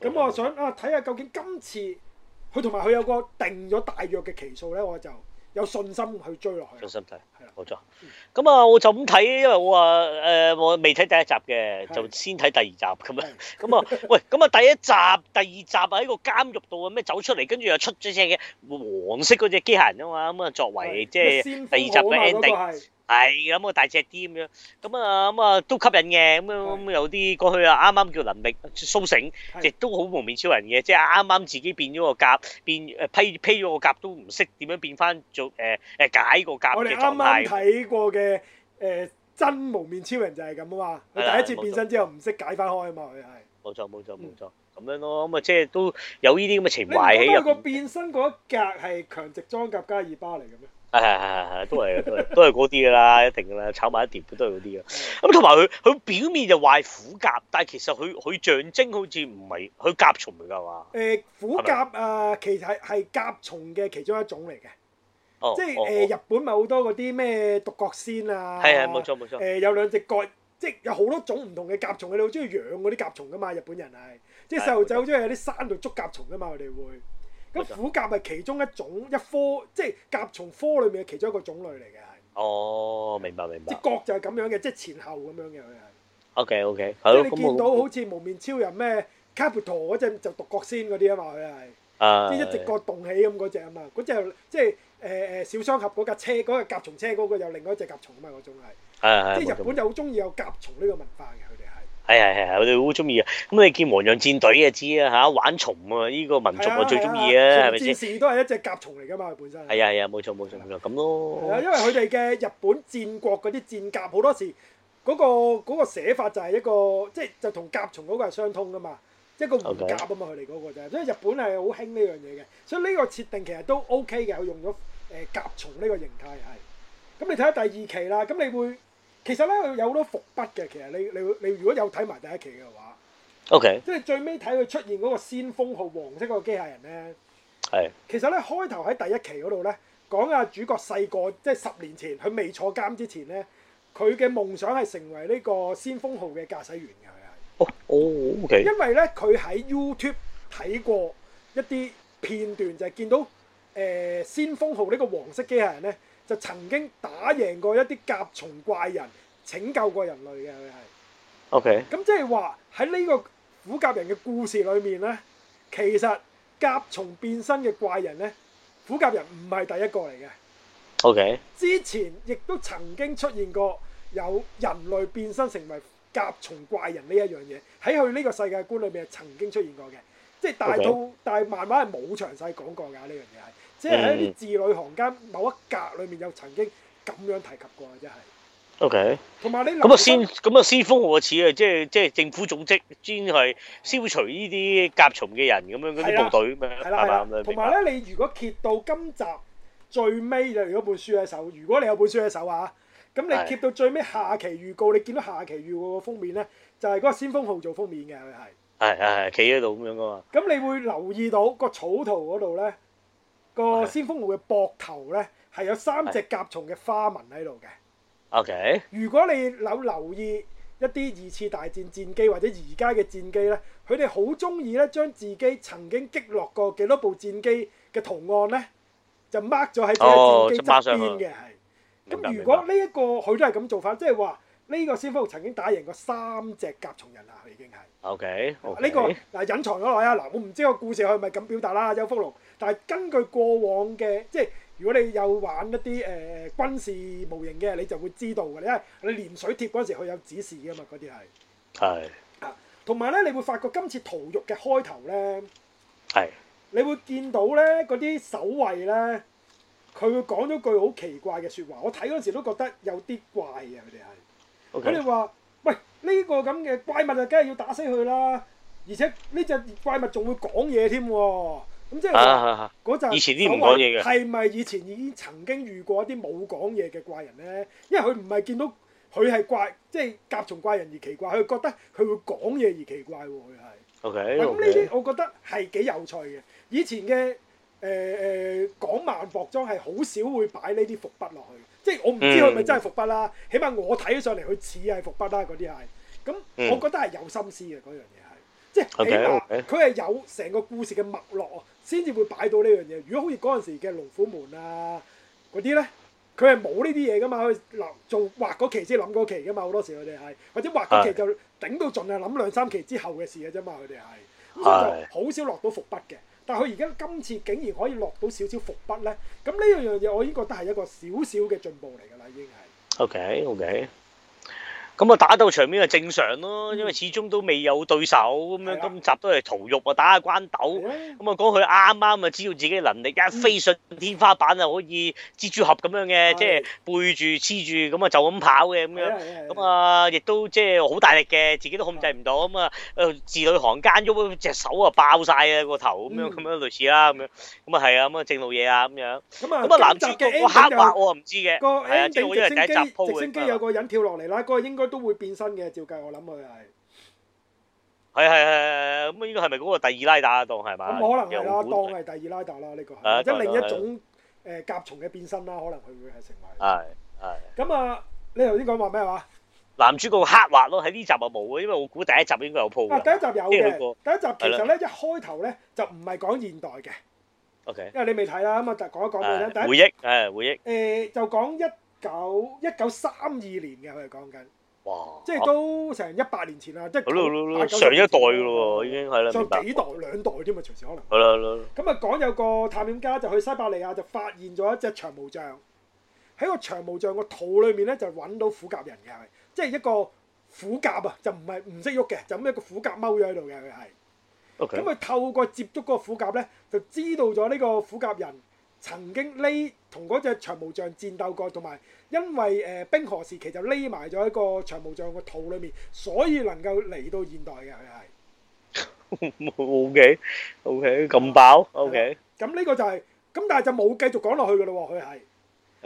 咁我想啊睇下究竟今次佢同埋佢有個定咗大約嘅期數咧，我就有信心去追落去。信心睇，係啦的，冇錯。咁啊、嗯，我就咁睇，因為我話誒、呃、我未睇第一集嘅，的就先睇第二集咁樣。咁啊的、嗯， 喂，咁啊第一集、第二集喺個監獄度啊咩走出嚟，跟住又出咗隻嘅黃色嗰隻機械人啊嘛。咁、嗯、啊作為即係的第二集嘅 ending。那個係咁啊，嗯、我大隻啲咁樣，咁啊咁啊都吸引嘅，咁、嗯、咁是的 有啲過去啊，啱啱叫能力蘇醒，亦都好蒙面超人嘅，是的 即係啱啱自己變咗個甲，變誒披披咗個甲都唔識點樣變翻做誒誒解個甲嘅狀態我剛剛。我哋啱啱睇過嘅誒真蒙面超人就係咁啊嘛，佢第一次變身之後唔識解翻開啊嘛，佢係。冇錯冇錯冇錯，咁樣咯，咁啊即係都有呢啲咁嘅情懷喺入面。你覺得個變身嗰一格係強直裝甲加二巴嚟嘅咩？誒誒誒誒，都係，都係，都係嗰啲噶啦，一定噶啦，炒埋一碟都係嗰啲噶。咁同埋佢，佢表面就話虎甲，但係其實佢，佢象徵好似唔係，佢甲蟲嚟噶嘛？誒，虎甲啊，其實係甲蟲嘅其中一種嚟嘅。哦，即係誒，日本咪好多嗰啲咩獨角仙啊？係啊，冇錯冇錯。誒，有兩隻角，即係有好多種唔同嘅甲蟲嘅。你好中意養嗰啲甲蟲噶嘛？日本人係，即係細路仔好中意喺啲山度捉甲蟲噶嘛？佢哋會。咁虎甲係其中一種一科，即係甲蟲科裏面嘅其中一個種類嚟嘅，係。哦，明白明白。隻角就係咁樣嘅，即係前後咁樣嘅佢係。O K O K，即係、嗯、你見到好似無面超人咩卡布托嗰隻就獨角仙嗰啲啊嘛，佢係。即係一隻角棟起咁嗰隻啊嘛，嗰隻、哎、即係誒誒小雙俠嗰架車嗰、嗰個甲蟲車嗰個又另外一隻甲蟲啊嘛，嗰種係。哎、是即係日本就好中意有甲蟲呢個文化嘅。係啊係啊，我哋好中意啊！咁你見《黃楊戰隊》就知啦吓，玩蟲啊！呢個民族我最中意啊，係咪先？戰士都係一隻甲蟲嚟噶嘛，佢本身。係啊係啊，冇錯冇錯，咁咯。係啊，因為佢哋嘅日本戰國嗰啲戰甲好多時嗰個嗰個寫法就係一個，即係就同甲蟲嗰個係相通噶嘛，一個護甲啊嘛，佢哋嗰個啫。所以日本係好興呢樣嘢嘅，所以呢個設定其實都 OK 嘅，我用咗誒甲蟲呢個形態係。咁你睇下第二期啦，咁你會。其實咧，佢有好多伏筆嘅。其實你你你，你如果有睇埋第一期嘅話，OK，即係最尾睇佢出現嗰個先鋒號黃色嗰個機械人咧。係。其實咧，開頭喺第一期嗰度咧，講阿主角細個，即係十年前佢未坐監之前咧，佢嘅夢想係成為呢個先鋒號嘅駕駛員嘅佢係。哦，OK。因為咧，佢喺 YouTube 睇過一啲片段，就係見到誒先鋒號呢個黃色機械人咧。就曾經打贏過一啲甲蟲怪人，拯救過人類嘅佢係。O K。咁即係話喺呢個虎甲人嘅故事裏面呢，其實甲蟲變身嘅怪人呢，虎甲人唔係第一個嚟嘅。O K。之前亦都曾經出現過有人類變身成為甲蟲怪人呢一樣嘢，喺佢呢個世界觀裏面曾經出現過嘅，即係大套，但係慢慢係冇詳細講過㗎呢樣嘢係。這個即係喺啲字裏行間某一格裏面，又曾經咁樣提及過嘅，真係 okay。O K。同埋呢咁啊，先咁啊，先鋒號似啊，即係即係政府總職專係消除呢啲甲蟲嘅人咁樣啲部隊咁樣啊嘛。同埋咧，啊、吧你如果揭到今集最尾就嗰本書喺手。如果你有本書喺手啊，咁你揭到最尾下期預告，的你見到下期預告個封面咧，就係嗰個先鋒號做封面嘅，係。係係係，企喺度咁樣噶嘛。咁、嗯、你會留意到個草圖嗰度咧。個先鋒號嘅膊頭咧係有三隻甲蟲嘅花紋喺度嘅。OK，如果你有留意一啲二次大戰戰機或者而家嘅戰機咧，佢哋好中意咧將自己曾經擊落過幾多部戰機嘅圖案咧，就掹咗喺個戰機側邊嘅，係。咁、oh, 如果呢、這、一個佢都係咁做法，即係話。呢個先鋒曾經打贏過三隻甲蟲人啦，佢已經係 OK, okay。呢個嗱隱藏咗落去啊！嗱，我唔知個故事佢係咪咁表達啦，邱福龍。但係根據過往嘅，即係如果你有玩一啲誒、呃、軍事模型嘅，你就會知道嘅。你係你連水貼嗰陣時，佢有指示嘅嘛？嗰啲係係啊，同埋咧，你會發覺今次屠獄嘅開頭咧，係 Hey. 你會見到咧嗰啲守衞咧，佢會講咗句好奇怪嘅説話。我睇嗰陣時都覺得有啲怪啊！佢哋係。佢哋話，喂，呢、這個咁嘅怪物就梗係要打死佢啦，而且呢隻怪物仲會講嘢添喎，咁、嗯、即係話嗰陣講嘅？係咪以前已經曾經遇過一啲冇講嘢嘅怪人咧？因為佢唔係見到佢係怪，即、就、係、是、甲蟲怪人而奇怪，佢覺得佢會講嘢而奇怪喎，佢係。OK，咁呢啲我覺得係幾有趣嘅。以前嘅誒誒港漫服裝係好少會擺呢啲伏筆落去。即係我唔知佢係咪真係伏筆啦，嗯、起碼我睇起上嚟佢似係伏筆啦，嗰啲係。咁、嗯、我覺得係有心思嘅嗰樣嘢係，即係起碼佢係有成個故事嘅脈絡啊，先至會擺到呢樣嘢。如果好似嗰陣時嘅、啊《龍虎門》啊嗰啲咧，佢係冇呢啲嘢噶嘛，佢做畫嗰期先諗嗰期噶嘛，好多時佢哋係，或者畫嗰期就頂到盡啊，諗兩三期之後嘅事嘅啫嘛，佢哋係，咁所以就好少落到伏筆嘅。但佢而家今次竟然可以落到少少伏筆咧，咁呢樣樣嘢我已經覺得係一個少少嘅進步嚟㗎啦，已經係。OK，OK、okay, okay.。咁啊，打鬥場面就正常咯，因為始終都未有對手咁樣，今集都係屠肉啊，打下關鬥。咁啊，講佢啱啱啊，知道自己能力一飛上天花板啊，可以蜘蛛俠咁樣嘅，即係背住黐住咁啊，就咁跑嘅咁樣。咁啊，亦都即係好大力嘅，自己都控制唔到。咁啊，字女行間喐隻手啊，爆晒啊個頭咁樣，咁樣類似啦咁樣。咁啊係啊，咁啊正路嘢啊咁樣。咁啊，咁啊，男主角個黑白我唔知嘅，係啊，即係我以為第一集鋪嘅。有個人跳落嚟啦，嗰個應都會變身嘅，照計我諗佢係係係係係咁啊！應該係咪嗰個第二拉打當係嘛？咁可能係啦，當係第二拉打啦，呢個即係另一種誒甲蟲嘅變身啦，可能佢會係成為係係。咁啊，你頭先講話咩話？男主角黑畫咯，喺呢集啊冇啊，因為我估第一集應該有鋪啊。第一集有嘅，第一集其實咧一開頭咧就唔係講現代嘅。O K，因為你未睇啦嘛，就講一講啦。第一集回憶，誒回憶，誒就講一九一九三二年嘅佢係講緊。哇！即係都成一百年前啦，啊、即係上一代嘅喎，已經係啦，嗯嗯嗯，明白？上幾代兩代添嘛，隨時可能。係啦，咁啊，講有個探險家就去西伯利亞，就發現咗一隻長毛象，喺個長毛象個肚裏面咧就揾到虎甲人嘅，即係一個虎甲啊，就唔係唔識喐嘅，就咁一個虎甲踎咗喺度嘅，係。OK. 咁佢透過接觸嗰個虎甲咧，就知道咗呢個虎甲人。曾經匿同嗰隻長毛象戰鬥過，同埋因為誒冰河時期就匿埋咗喺個長毛象個肚裏面，所以能夠嚟到現代嘅佢係。O K O K 咁爆 O K。咁呢個就係咁，但係就冇繼續講落去嘅咯喎，佢係。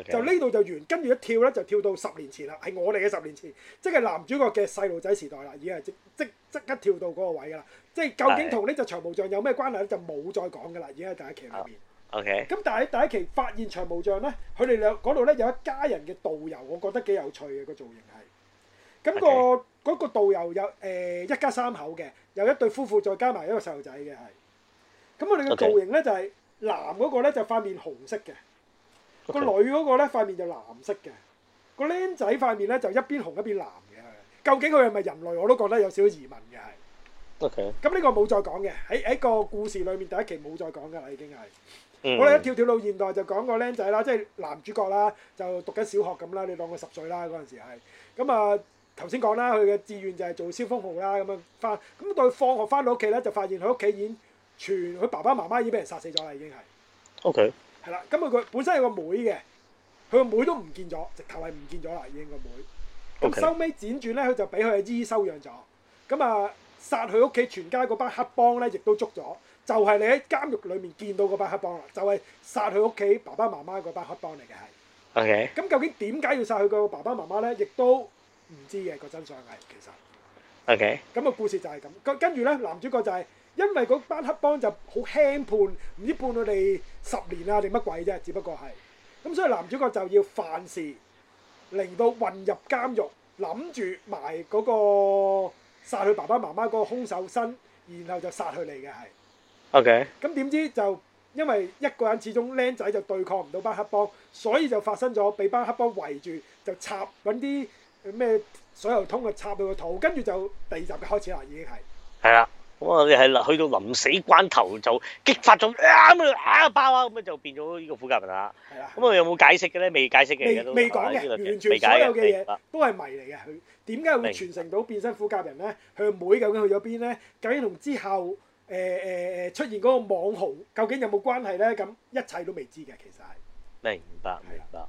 就呢度就完，跟住一跳咧就跳到十年前啦，係我哋嘅十年前，即係男主角嘅細路仔時代啦，已經係即即即刻跳到嗰個位啦。即係究竟同呢隻長毛象有咩關係咧？就冇再講嘅啦，已經係第一期入面。咁 Okay. 但係喺第一期發現長毛象咧，佢哋兩嗰度咧有一家人嘅導遊，我覺得幾有趣嘅個造型係。咁、嗰個嗰 Okay. 個導遊有誒一家三口嘅，有一對夫婦再加埋一個細路仔嘅係。咁我哋嘅造型咧就係、係、Okay. 男嗰個咧就塊面紅色嘅，Okay. 女個女嗰個咧塊面就藍色嘅，個僆仔塊面咧就一邊紅一邊藍嘅。究竟佢係咪人類？我都覺得有少少疑問嘅係。OK。咁呢個冇再講嘅，喺喺個故事裏面第一期冇再講㗎喇，已經係。我哋一跳跳到現代就講個僆仔啦，即係男主角啦，就讀緊小學咁啦，你當佢十歲啦嗰陣時係。咁啊頭先講啦，佢嘅志願就係做消防號啦，咁樣翻。咁到佢放學翻到屋企咧，就發現佢屋企已經全佢爸爸媽媽已經俾人殺死咗啦，已經係。OK。係啦，咁佢佢本身有個妹嘅，佢個妹都唔見咗，直頭係唔見咗啦，已經個妹。OK。咁收尾輾轉咧，佢就俾佢阿姨收養咗。咁啊，殺佢屋企全家嗰班黑幫咧，亦都捉咗。就係你喺監獄裏面見到嗰班黑幫啦，就係殺佢屋企爸爸媽媽嗰班黑幫嚟嘅，係。O K. 咁究竟點解要殺佢個爸爸媽媽咧？亦都唔知嘅個真相係其實。O K. 咁個故事就係咁，跟住咧，男主角就係因為嗰班黑幫就好輕判，唔知判佢哋十年啊定乜鬼啫，只不過係咁，所以男主角就要犯事，令到混入監獄，諗住埋嗰個殺佢爸爸媽媽嗰個兇手身，然後就殺佢嚟嘅係。O.K. 咁點知就因為一個人始終僆仔就對抗唔到班黑幫，所以就發生咗俾班黑幫圍住就插揾啲咩水喉通啊插到個肚。跟住就第二集就開始啦，已經係係啦。咁啊，你係去到臨死關頭就激發咗啊爆啊咁啊，就變咗呢個虎甲人啦。係啦。咁啊，有冇解釋嘅咧？未解釋嘅未講嘅，完全未解嘅嘢都係謎嚟嘅。佢點解會傳承到變身虎甲人咧？佢妹究竟去咗邊咧？究竟同之後。誒誒誒出現嗰個網紅，究竟有冇關係咧？咁一切都未知嘅，其實係。 明白，明白。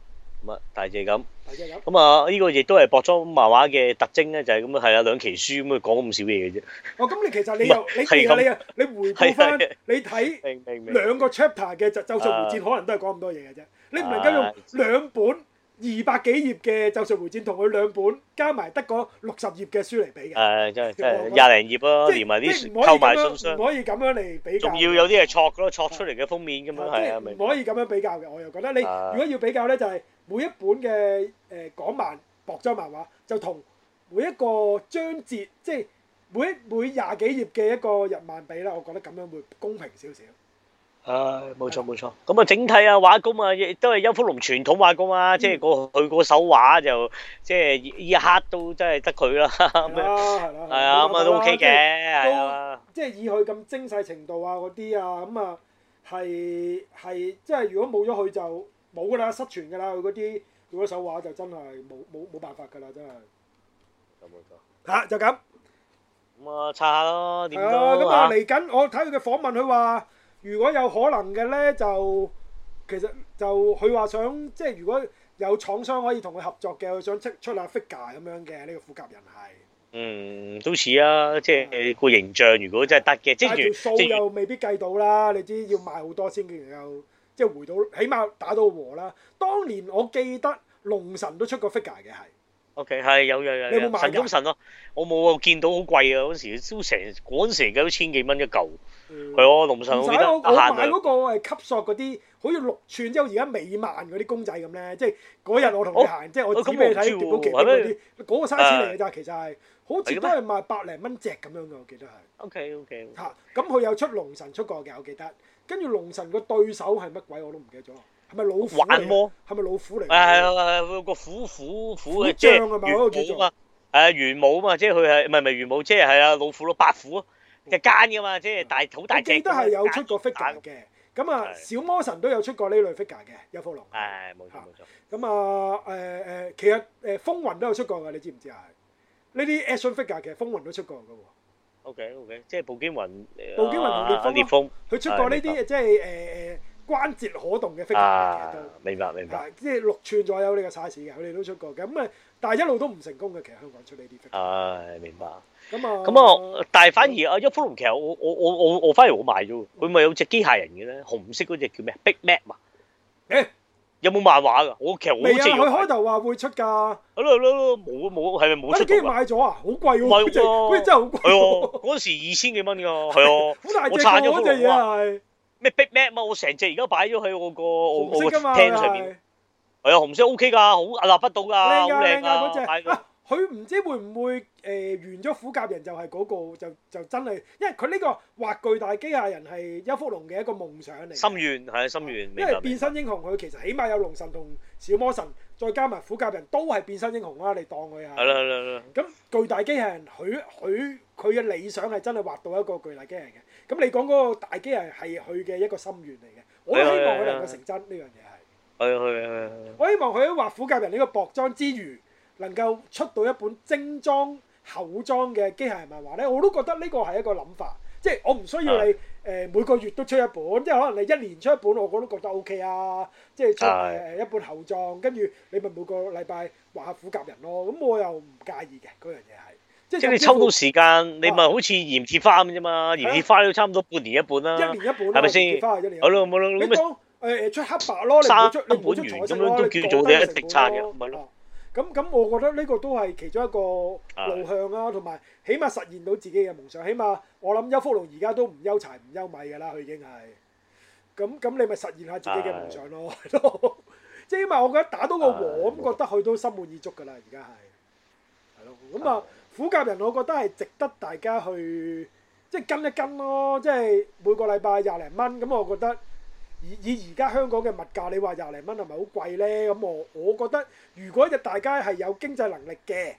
咁啊，大謝咁。大謝咁。咁啊，呢個亦都係博裝漫畫嘅特徵咧，就係咁啊，係啊，兩期書咁啊，講咁少嘢嘅啫。哦，咁你其實你又你其實你啊，你回顧翻你睇兩個 chapter 嘅就就《術回戰》，可能都係講咁多嘢嘅啫。啊、你唔能夠用兩本，二百幾頁嘅《就術回戰》同佢兩本加埋得個六十頁嘅書嚟比嘅，誒、啊，真係真係廿零頁咯、啊，連埋啲購埋信箱，唔可以咁樣嚟比較。仲要有啲係錯咯，錯出嚟嘅封面咁樣，係啊，唔、啊啊、可以咁樣比較嘅。我又覺得你、啊、如果要比較咧，就係、是、每一本嘅誒、呃、港漫、博州漫畫，就同每一個章節，即係每每廿幾頁嘅一個日漫比啦。我覺得咁樣會公平少少。唉，冇錯冇錯，咁啊，整體啊，畫工啊，亦都係邱福龍傳統畫工啊，即係個佢嗰手畫就，即係一刻都真係得佢啦。係啦，係啦，係啊，咁啊都 OK 嘅，係啦。即係以佢咁精細程度啊，嗰啲啊，咁啊，係係即係，如果冇咗佢就冇噶啦，失傳噶啦，佢嗰啲嗰手畫就真係冇冇冇辦法噶啦，真係。有冇錯？吓就咁。咁啊，拆下咯，點都。咁啊，嚟緊，我睇佢嘅訪問，佢話。如果有可能嘅咧，就其實就佢話想即係，如果有廠商可以同佢合作嘅，佢想出出下 figure 咁樣嘅，呢個虎甲人係。嗯，都似啊，即係個形象如果真係得嘅，即係條數又未必計到啦。著你知要賣好多先能夠即係回到，起碼打到和啦。當年我記得龍神都出過 figure 嘅係。O K，係有有有神咁神咯，我冇喎，見到好貴啊！嗰時都成嗰陣時幾多千幾蚊一嚿，係。哦，龍神我記得我買嗰個係吸索嗰啲，好似六寸，即係而家美漫嗰啲公仔咁咧。即係嗰日我同你行，即係我指俾你睇，碟谷奇嗰啲，嗰個沙子嚟嘅，咋，其實係好似都係賣百零蚊隻咁樣嘅，我記得係。O K O K。嚇，咁佢有出龍神出過嘅，我記得。跟住龍神個對手係乜鬼我都唔記得咗。係咪老虎嚟？係咪老虎嚟？啊係係係個虎虎虎嘅即係玄武啊嘛，誒玄武啊嘛，即係佢係咪咪玄武即係係啊老虎咯，白虎咯，一奸噶嘛，即係大嚿大隻。都係有出過 figure 嘅，咁啊小魔神都有出過呢類 figure 嘅，邱福龍。誒冇錯冇錯。咁啊誒誒，其實誒風雲都有出過噶，你知唔知啊？呢啲 action figure 其實風雲都出過噶。O K O K，即係步驚雲，步驚雲和聶風，聶風佢出過呢啲即係誒。關節可動嘅 figure 明白明白，即係六吋左右呢個 size 嘅，佢哋都出過嘅，咁啊，但係一路都唔成功嘅。其實香港出呢啲 figure 明白咁啊，咁啊，但係反而啊，邱福龍其實我我我我我反而我買咗，唔咪有隻機械人嘅咧，紅色嗰隻叫咩？Big Map 嘛？誒，有冇漫畫㗎？我其實未，佢開頭話會出㗎。啊冇冇係咪冇出？我竟然買咗啊！好貴喎，真真係好貴。係嗰陣時二千幾蚊㗎。係啊，好大隻嗰福龍係。咩 Big Mac 我成隻而家擺咗喺我個我嘛，廳上面，係啊，紅色 O K 噶，好屹立不倒噶，好靚啊！嗱，佢唔知會唔會誒完咗虎甲人就係嗰個就就真係，因為佢呢個畫巨大機械人係邱福龍嘅一個夢想嚟，心願係心願。因為變身英雄佢其實起碼有龍神同小魔神，再加埋虎甲人都係變身英雄啊！你當佢啊，係啦係啦係啦。咁巨大機械人佢佢。佢嘅理想係真係畫到一個巨大機械人嘅，咁你講嗰個大機械人係佢嘅一個心願嚟嘅，我都希望佢能夠成真呢樣嘢係。去去去！是哎、呀我希望佢喺畫虎甲人呢個薄裝之餘，能夠出到一本精裝厚裝嘅機械人漫畫咧，我都覺得呢個係一個諗法。即係我唔需要你誒每個月都出一本，的即係可能你一年出一本，我我都覺得 O、OK、K 啊。即係出誒一本厚裝，跟住的你咪每個禮拜畫下虎甲人咯。咁我又唔介意嘅嗰樣嘢係。即係你抽到時間，你咪好似鹽鐵花咁啫嘛，鹽鐵花都差唔多半年一部啦，一年一部啦，係咪先？鹽鐵花係一年。好咯，冇咯，你咪誒出黑白咯，三出你唔出彩咁樣都叫做啲一級差嘅，唔係咯。咁咁，我覺得呢個都係其中一個路向啊，同埋起碼實現到自己嘅夢想。起碼我諗邱福龍而家都唔憂柴唔憂米㗎啦，佢已經係。咁咁，你咪實現下自己嘅夢想咯，係咯。即係起碼我覺得打到個王咁，覺得佢都心滿意足㗎啦。而家係係咯，咁啊。虎甲人，我覺得係值得大家去即係跟一跟咯，即係每個禮拜廿零蚊，咁我覺得以以而家香港嘅物價，你話廿零蚊係咪好貴咧？咁我我覺得，如果就大家係有經濟能力嘅，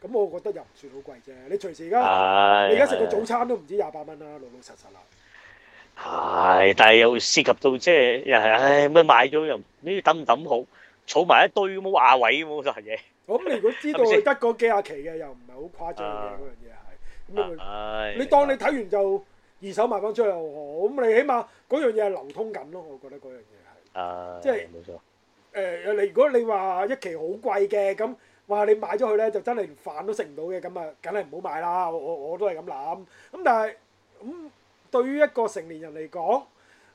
咁我覺得又唔算好貴啫。你隨時而家你而家食個早餐都唔止廿八蚊啦，老老實實啦。係，但係又涉及到即係又係，唉，乜買咗又，咦，抌唔抌好？儲埋一堆咁冇亞位咁嗰沓嘢。咁你如果知道佢得嗰幾廿期嘅，又唔係好誇張嘅嗰、啊、樣嘢係，啊哎、你當你睇完就二手賣翻出去又好，咁你起碼嗰樣嘢係流通緊咯，我覺得嗰樣嘢係。啊，即係誒誒，你冇錯、呃、如果你話一期好貴嘅，咁話你買咗佢咧，就真係連飯都食唔到嘅，咁啊，梗係唔好買啦。我我，我都係咁諗。咁但係咁對於一個成年人嚟講，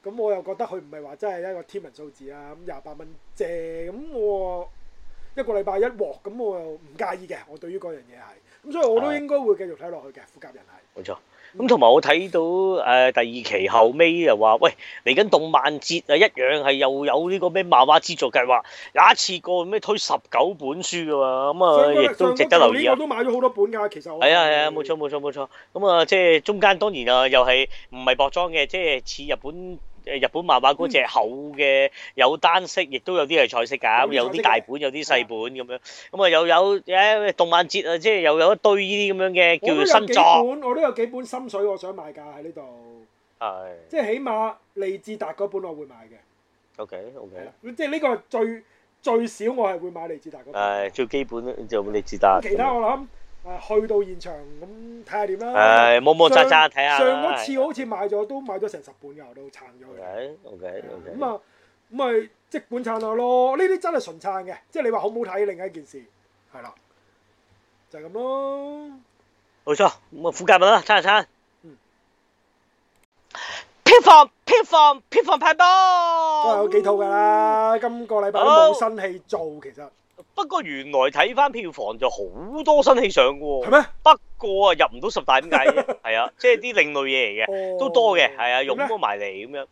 咁我又覺得佢唔係話真係一個天文數字啊。咁廿八蚊借咁我。一個禮拜一鑊咁，我又唔介意嘅。我對於嗰樣嘢係咁，所以我都應該會繼續睇落去嘅。啊、虎甲人係冇錯。咁同埋我睇到誒、呃、第二期後尾又話，喂，嚟緊動漫節啊，一樣係又有呢個咩漫畫資助計劃，有一次過咩推十九本書㗎嘛。咁啊，亦該都值得留意啊。我都買咗好多本㗎，其實。係啊係啊，冇錯冇錯冇錯。咁啊，即係中間當然啊，又係唔係薄裝嘅，即係似日本。誒日本漫畫嗰隻厚嘅有單色，亦都有啲係彩色㗎，有啲大本，有啲細本咁樣。咁啊又有誒動漫節啊，即係又有一堆呢啲咁樣嘅叫做新作。我都有幾本，我都有幾本心水我想買㗎喺呢度。係。即係起碼利志達嗰本我會買嘅。OK，OK。即係呢個係最最少我係會買利志達嗰本。係最基本就利志達。其他我諗。誒，去到現場咁睇下點啦。誒，摸摸揸揸睇下。上嗰次好似買咗，都買咗成十半嘅，我都撐咗。O K，O K，咁啊，咁咪即管撐下咯。呢啲真係純撐嘅，即係你話好唔好睇，另一件事係啦，就係咁咯。冇錯，咁啊，副駕品啊，撐下撐。嗯。票房，票房，票房派多。都係有幾套㗎啦，今個禮拜都冇新戲做，其實。不過原來睇翻票房就好多新戲上嘅，係咩嗎？不過啊，入唔到十大，點解？係 啊，即係啲另類嘢嚟嘅，都多嘅，係、哦、啊，融多埋嚟咁樣。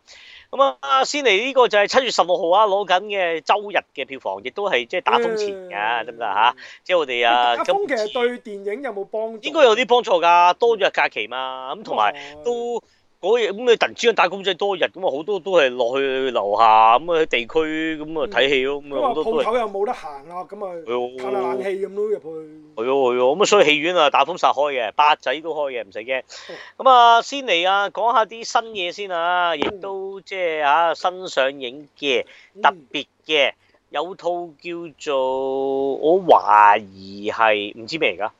咁啊，先嚟呢個就係七月十六號啊，攞緊嘅周日嘅票房，亦都係即係打風前嘅得唔得吓。即係我哋啊，咁其實對電影有冇幫助？應該有啲幫助噶，多咗日假期嘛，咁同埋都。嗰咁你突然之間打工仔多日，咁啊好多都係落去樓下咁啊喺地區咁啊睇戲咯，咁啊好多都係。窗口又冇得行啊，咁樣啊，吸冷氣咁咯入去。係喎係喎，咁啊所以戲院啊打風殺開嘅，八仔都開嘅，唔使驚。咁、嗯、啊先嚟啊講下啲新嘢先啊，亦都即係啊新上映嘅特別嘅，嗯、有套叫做我懷疑係唔知咩嚟㗎。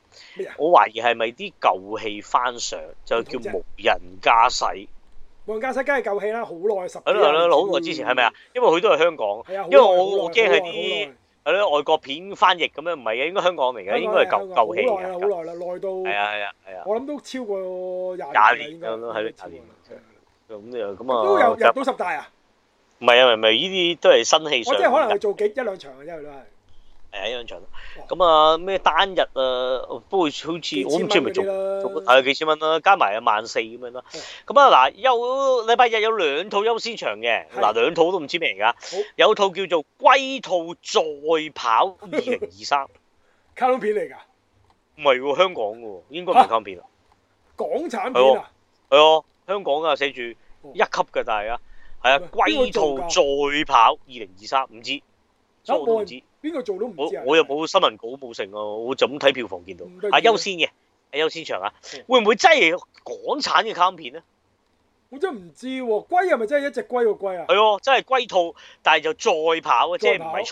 我懷疑係咪啲舊戲翻上就叫無人駕駛？無人駕駛梗係舊戲啦，好耐十。係咯，係好耐之前係咪啊？因為佢都係香港。因為我我驚係啲係外國片翻譯咁樣，唔係嘅，應該香港嚟嘅，應該係舊舊戲嚟噶。好耐啦，耐到。係啊係啊係啊！我諗都超過廿年。廿年咁咯，喺廿年。咁樣咁啊，都有入到十大啊？唔係啊，唔係唔係，呢啲都係新戲上。即係可能做幾一兩場，因為都係。係一場，咁啊咩單日啊，不過好似我唔知係咪仲係啊幾千蚊啦，加埋啊萬四咁樣啦。咁啊嗱，有禮拜日有兩套優先場嘅，嗱兩套都唔知咩嚟噶，有套叫做《龜兔再跑二零二三》卡通片嚟噶，唔係喎香港嘅喎，應該唔係卡通片啊，港產片啊，係啊香港啊寫住一級嘅但係啊，係啊《龜兔再跑二零二三》唔知，所以我都唔知。邊個做到唔好，我又冇新聞稿報成啊，我就咁睇票房見到啊。優先嘅啊，優先場啊，會唔會真係港產嘅卡通片咧？我真唔知喎，龜係咪真係一隻龜個龜啊？係喎，真係龜兔，但係就再跑啊。即係唔係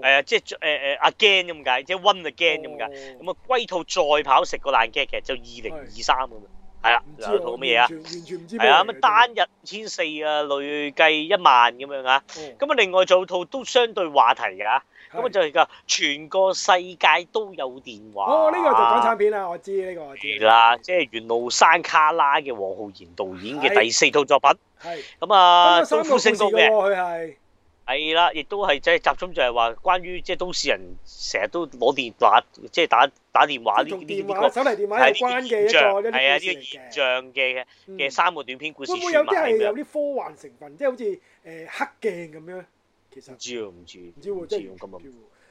菜啊，即係誒誒阿驚咁解，即係溫就驚咁解。咁啊，龜兔再跑食個爛雞嘅就二零二三咁樣係啦。嗱，套咩嘢啊？完全唔知係啊，咁單日千四啊，累計一萬咁樣啊。咁啊，另外做套都相對話題㗎。咁就係㗎，全個世界都有電話。哦，呢個就港產片啦，我知呢個我知。係啦，即係緣路山旮旯嘅黃浩然導演嘅第四套作品。係。咁啊，都呼聲都佢係係啦，亦都係即係集中就係話關於即係都市人成日都攞電話，即係打打電話呢呢啲個。用電話，手提電話有關嘅一個，係啊呢個現象嘅嘅三個短篇故事。會唔會有啲科幻成分？即係好似誒黑鏡咁樣。其實唔知唔知，陣容咁啊，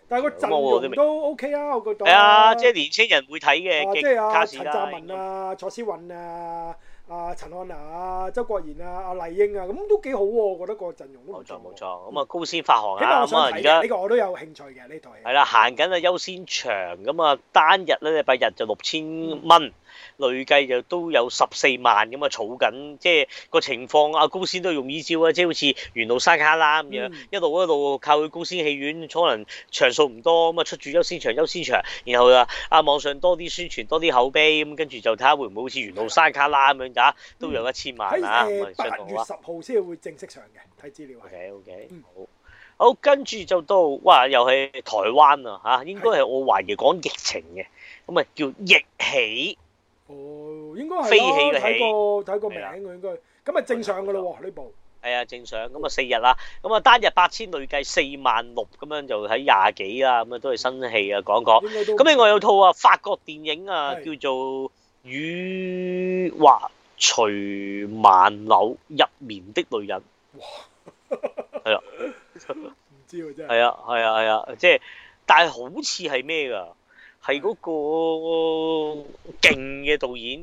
但係個陣容都 OK 啊，我覺得係啊，即係年青人會睇嘅，即係啊陳湛文啊、蔡思韻啊、啊陳漢娜啊、周國賢啊、阿麗英啊，咁都幾好喎，我覺得個陣容都冇錯冇錯，咁啊高斯發行啊，咁啊而家呢個我都有興趣嘅呢台係啦，行緊啊優先場咁啊單日咧，禮拜日就六千蚊。累計就都有十四萬咁啊，儲緊，即係個情況啊！高先都用依照啊，即係好似《緣路山旮旯》咁樣、嗯，一路一路靠高先戲院，可能場數唔多，咁啊出住優先場、優先場，然後啊，啊網上多啲宣傳，多啲口碑，咁跟住就睇下會唔會好似《緣路山旮旯》咁、嗯、樣打，都有一千萬啊！八、嗯、月十號先會正式上嘅，睇資料 O K O K，好，跟住就到，哇！又係台灣啊嚇，應該係我懷疑講疫情嘅，咁啊叫疫起。Oh, 哦，飛起應該係咯，睇個睇個名佢應該，咁咪正常噶咯喎呢部。係啊，正常，咁啊四日啦，咁啊單日八千累計四萬六咁樣就喺廿幾啊，咁啊都係新戲啊講講。咁另外有套啊法國電影啊叫做《雨或徐萬柳入眠的女人》 的。哇！ 係啊，唔知真係。係啊係啊係啊，即係，但係好似係咩㗎？係嗰個勁嘅導演，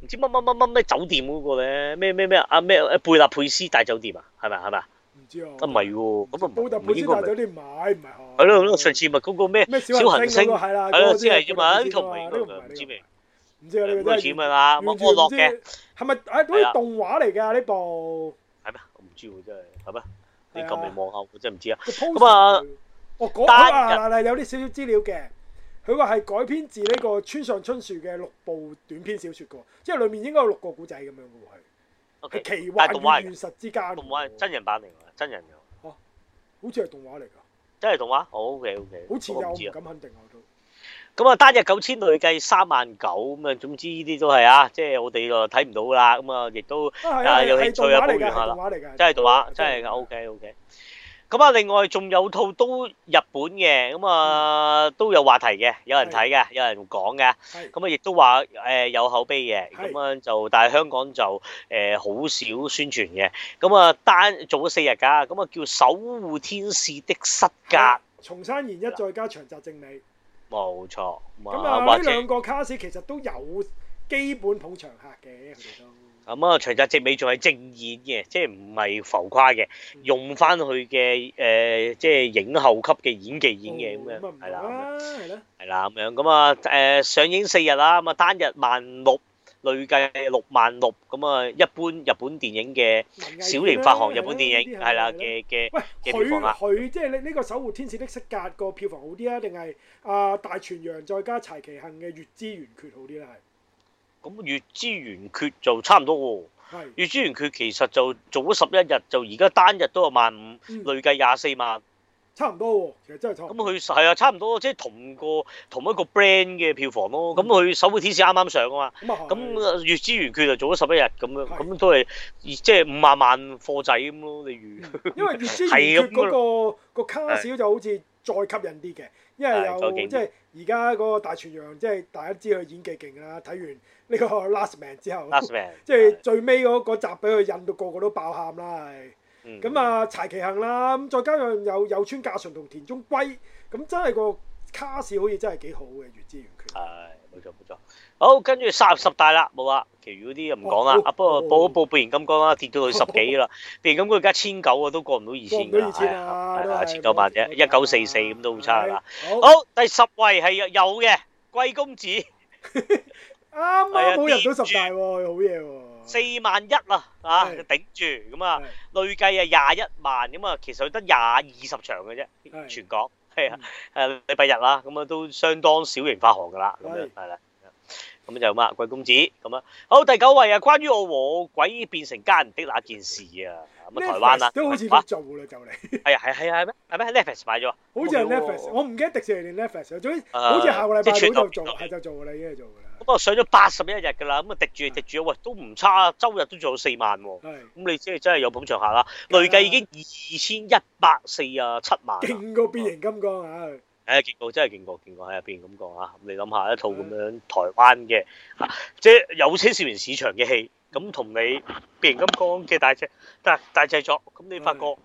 唔知乜乜乜乜乜酒店嗰個咧，咩咩咩啊咩誒貝納佩斯大酒店啊，係咪係咪啊？唔知哦。啊，唔係喎，咁啊唔唔應該唔係。係咯係咯，上次咪嗰個咩？咩小行星係啦，先係之嘛，呢部唔知咩，唔知咩，唔知啊你真係。唔知咩啦，木屋樂嘅，係咪誒嗰啲動畫嚟嘅呢部？係咩？我唔知喎，真係係咩？你咁未望下，我真係唔知啊。咁啊，我講啊，但係有啲少少資料嘅。佢話係改編自呢個村上春樹嘅六部短篇小說嘅，即係裏面應該有六個古仔咁樣嘅喎係。O K。係奇幻與現實之間。動畫真人版嚟真人嘅、啊。好似係動畫嚟嘅。真係動畫？Okay, okay, 好 O K O K。好似啊，我唔敢肯定啊都。咁啊，單日九千累計三萬九，咁啊，總之呢啲都係啊，即係我哋就睇唔到啦。咁啊，亦都啊有,有興趣啊，補完下啦。畫真係動畫，真係 O K O K。咁啊，另外仲有套都日本嘅，咁啊都有話題嘅，有人睇嘅，有人講嘅，咁啊亦都話誒有口碑嘅，咁樣就但係香港就誒好少宣傳嘅，咁啊單做咗四日㗎，咁啊叫守護天使的失格，松山研一再加長澤正美，冇錯，咁啊呢兩個卡士其實都有基本捧場客嘅，佢哋都。咁啊，除咗誼未仲係正演嘅，即係唔係浮誇嘅，用翻佢嘅誒，即係影后級嘅演技演嘅咁樣，係啦，係啦，係啦，咁樣咁啊誒上映四日啦，咁啊單日萬六，累計六萬六，咁啊一般日本電影嘅小年發行日本電影係啦嘅嘅，喂，佢佢即係呢呢個《守護天使的色格》個票房好啲啊，定係啊大泉洋再加柴崎幸嘅《月之圓缺》好啲咧係？咁《月之圓缺》就差唔多喎，是《月之圓缺》其實就做咗十一日，就而家單日都有萬五、嗯，累計廿四萬，差唔多喎，其實真係差唔多。咁佢係啊，差唔多即係同個同一個 brand 嘅票房咯。咁佢、嗯《守護天使》啱啱上啊嘛，咁是《月之圓缺》就做咗十一日咁樣，咁是都係即係五萬萬貨仔咁咯，例如。因為源、那個《月之圓缺》嗰個個卡少就好似。再吸引啲嘅，因為有，有即係而家嗰個大泉洋，即係大家知佢演技勁啦。睇完呢、這個《Last Man》之後，《Last Man》即係最尾嗰集俾佢引到個個都爆喊啦。咁啊、嗯、柴崎幸啦，咁再加上有有村架純同田中圭，咁真係個卡士好似真係幾好嘅，完之完全。係冇錯冇錯。好，跟住三十大啦，冇啦，其餘嗰啲就唔講啦。啊，不過報報報，變形金剛啦，跌到去十幾啦。變形金剛而家千九啊，都過唔到二千㗎啦，係啦，千九萬啫，一九四四咁都好差係嘛？好，第十位係有嘅貴公子，啱啊，十大好嘢四萬一啦，啊，頂住咁啊，累計啊廿一萬咁啊，其實佢得廿二十場嘅啫，全港係啊，誒禮拜日啦，咁啊都相當小型發行㗎啦，咁樣係啦。咁就乜鬼公子咁啊？好，第九位啊，關於我和鬼變成家人的那件事啊，乜台灣啦，都好似做冇啦，就嚟。係啊係啊係啊係咩？係咩？Netflix 買咗，好似 Netflix，我唔記得迪士尼連 Netflix，總之好似下個禮拜全就做，係就做啦，已經係做噶啦。不過上咗八十一日㗎啦，咁啊滴住滴住，喂都唔差，周日都做咗四萬喎。係。咁你真係真係有捧場下啦，累計已經二千一百四啊七萬。勁過變形金剛啊！哎，見過真係見過，見過喺入邊咁講啊！咁你諗下一套咁樣台灣嘅，即係有青少年市場嘅戲，咁同你入邊咁講嘅大製，大大製作，咁你發覺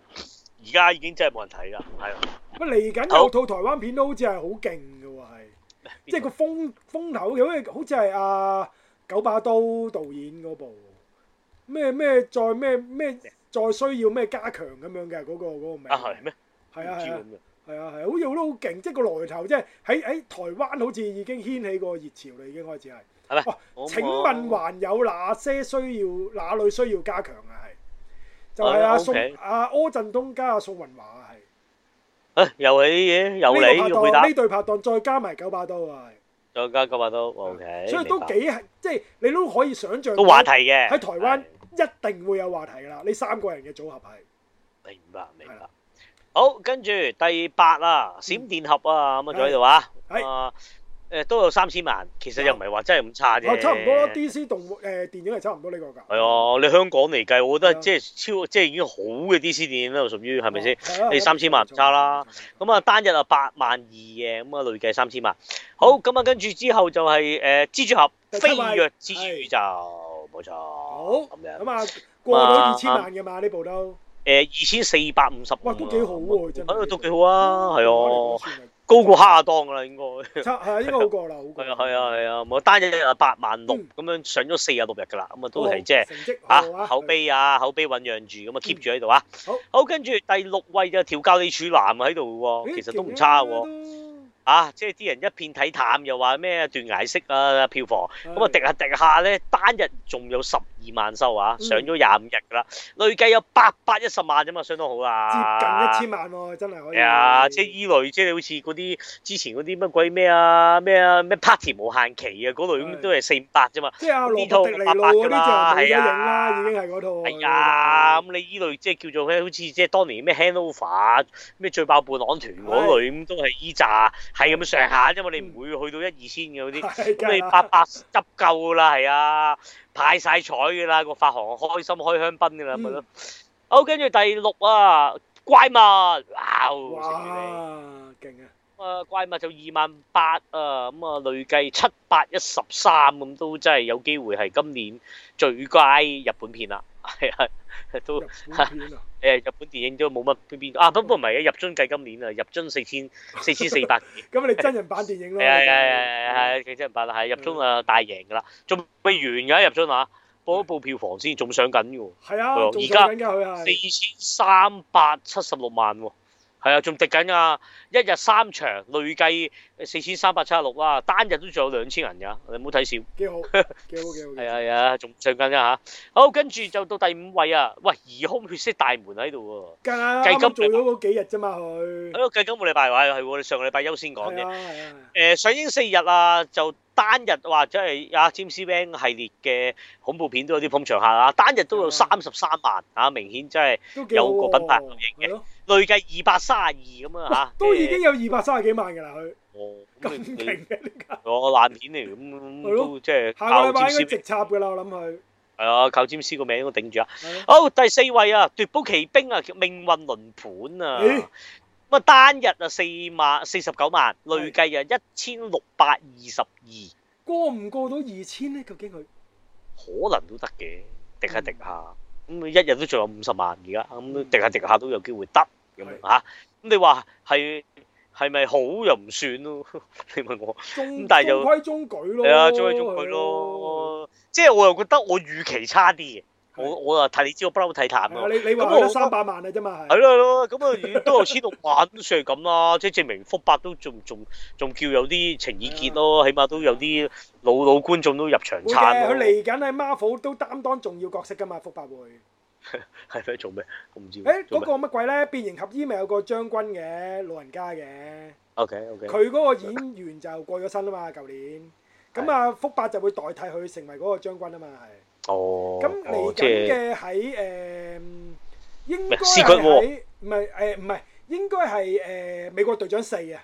而家已經真係冇人睇啦，係。乜嚟緊有套台灣片都好似係好勁㗎喎，係，即係個風風頭好似好似係阿九把刀導演嗰部咩咩再咩咩再需要咩加強咁樣嘅嗰個嗰個名啊係咩？係啊係啊。係啊，係，好似好多好勁，即係個來頭，即係喺喺台灣，好似已經掀起個熱潮啦，已經開始係。係咪？哇！請問還有哪些需要，哪裏需要加強啊？係，就係阿宋、阿柯振東加阿宋雲華啊，係。誒，又係嘅，又係要配搭。呢對拍檔再加埋九把刀啊！再加九把刀，O K。所以都幾係，即係你都可以想像。個話題嘅喺台灣一定會有話題噶啦，呢三個人嘅組合係。明白，明白。好，跟住第八啊，《閃電俠》啊，咁啊，在呢度啊，誒都有三千萬，其實又唔係話真係咁差啫，差唔多 D C 動誒電影係差唔多呢個㗎，係啊，你香港嚟計，我覺得即係超，即係已經好嘅 D C 電影啦，屬於係咪先？你三千萬唔差啦。咁啊，單日啊八萬二嘅，咁啊累計三千萬。好，咁啊跟住之後就係誒《蜘蛛俠：飛躍之處》就冇錯，好咁樣。咁啊過咗二千萬㗎嘛，呢部都。誒，二千四百五十，哇，都幾好喎，真係都幾好啊，係哦，高過哈檔噶啦，應該，係啊，應該好過啦，係啊，係單日啊八萬六咁樣上咗四啊六日噶啦，咁啊都係即係，吓口碑啊，口碑醞釀住，咁啊 keep 住喺度啊，好，好，跟住第六位就跳交啲處男喺度，其實都唔差喎，啊，即係啲人一片睇淡，又話咩斷崖式啊票房，咁啊跌下跌下咧，單日仲有十。二萬收啊！上咗廿五日噶啦，累計有八百一十萬啫嘛，相當好啊！接近一千萬喎，真係可以。係啊，即係依類，即係好似嗰啲之前嗰啲乜鬼咩啊，咩啊咩 party 無限期啊嗰類咁都係四百啫嘛。即係呢套八百㗎啦，已經係嗰套。係啊，咁你依類即係叫做好似即係當年咩 Hangover，咩醉爆伴郎團嗰類咁，都係依扎係咁上下啫嘛。你唔會去到一二千嘅嗰啲，咁你八百執夠啦，係啊，派晒彩。啦個發行開心開香檳噶啦，好跟住第六啊怪物哇，勁啊！啊怪物就二萬八啊，咁啊累計七百一十三，咁都真係有機會係今年最佳日本片啦，係係都日本片啊！誒，日本電影都冇乜變變啊，不不過唔係啊，入樽計今年啊，入樽四千四千四百幾。咁你真人版電影咯？係係係係真人版啦，係入樽啊大贏噶啦，仲未完噶入樽啊！報一報票房先仲上緊嘅喎，係啊，而家四千三百七十六萬喎，係啊，仲跌緊啊，一日三場累計四千三百七十六啊，單日都仲有兩千人㗎，你唔好睇少，幾好幾好幾好，係啊係啊，仲上緊㗎嚇，好跟住就到第五位啊，喂，《疑空血色大門》喺度喎，計今做到嗰幾日啫嘛，佢係咯，計今個禮拜係係喎，你上個禮拜優先講嘅，誒、啊啊、上映四日啊就。單日或者係阿 James Wan 系列嘅恐怖片都有啲捧場客。啊！單日都有三十三萬啊，明顯真係有個品牌效應嘅，累計二百三十二咁啊嚇，都已經有二百三十幾萬㗎啦佢。哦，咁勁嘅，呢家爛片嚟咁，都即係靠 James。下禮拜應該插㗎啦我諗佢。係啊，靠 James 個名都頂住啊！好第四位啊，《奪寶奇兵》啊，《命運輪盤》啊。單日啊四萬四十九萬，累計啊一千六百二十二。過唔過到二千咧？究竟佢可能都得嘅，滴下滴下，咁佢一日都仲有五十萬，而家咁滴下滴下都有機會得咁是啊！咁你話係係咪好又唔算咯？ 你問我，咁中但係就又中規中矩咯，係啊，中規中矩咯，即係、啊、我又覺得我預期差啲嘅。我我啊睇你知，我不嬲睇淡啊。咁我三百萬啊啫嘛。係咯，咁啊，都有千六萬都算係咁啦，即係證明福伯都仲仲仲叫有啲情意結咯，起碼都有啲老老觀眾都入場撐。佢嚟緊喺 Marvel 都擔當重要角色㗎嘛，福伯會。係佢做咩我唔知。誒，嗰個乜鬼咧？變形俠醫咪有個將軍嘅老人家嘅。O K O K。佢嗰個演員就過咗身啊嘛，舊年。咁啊，福伯就會代替佢成為嗰個將軍啊嘛，係。哦，咁嚟緊嘅喺誒，應該喺唔係誒唔係，應該係誒美國隊長四嘅。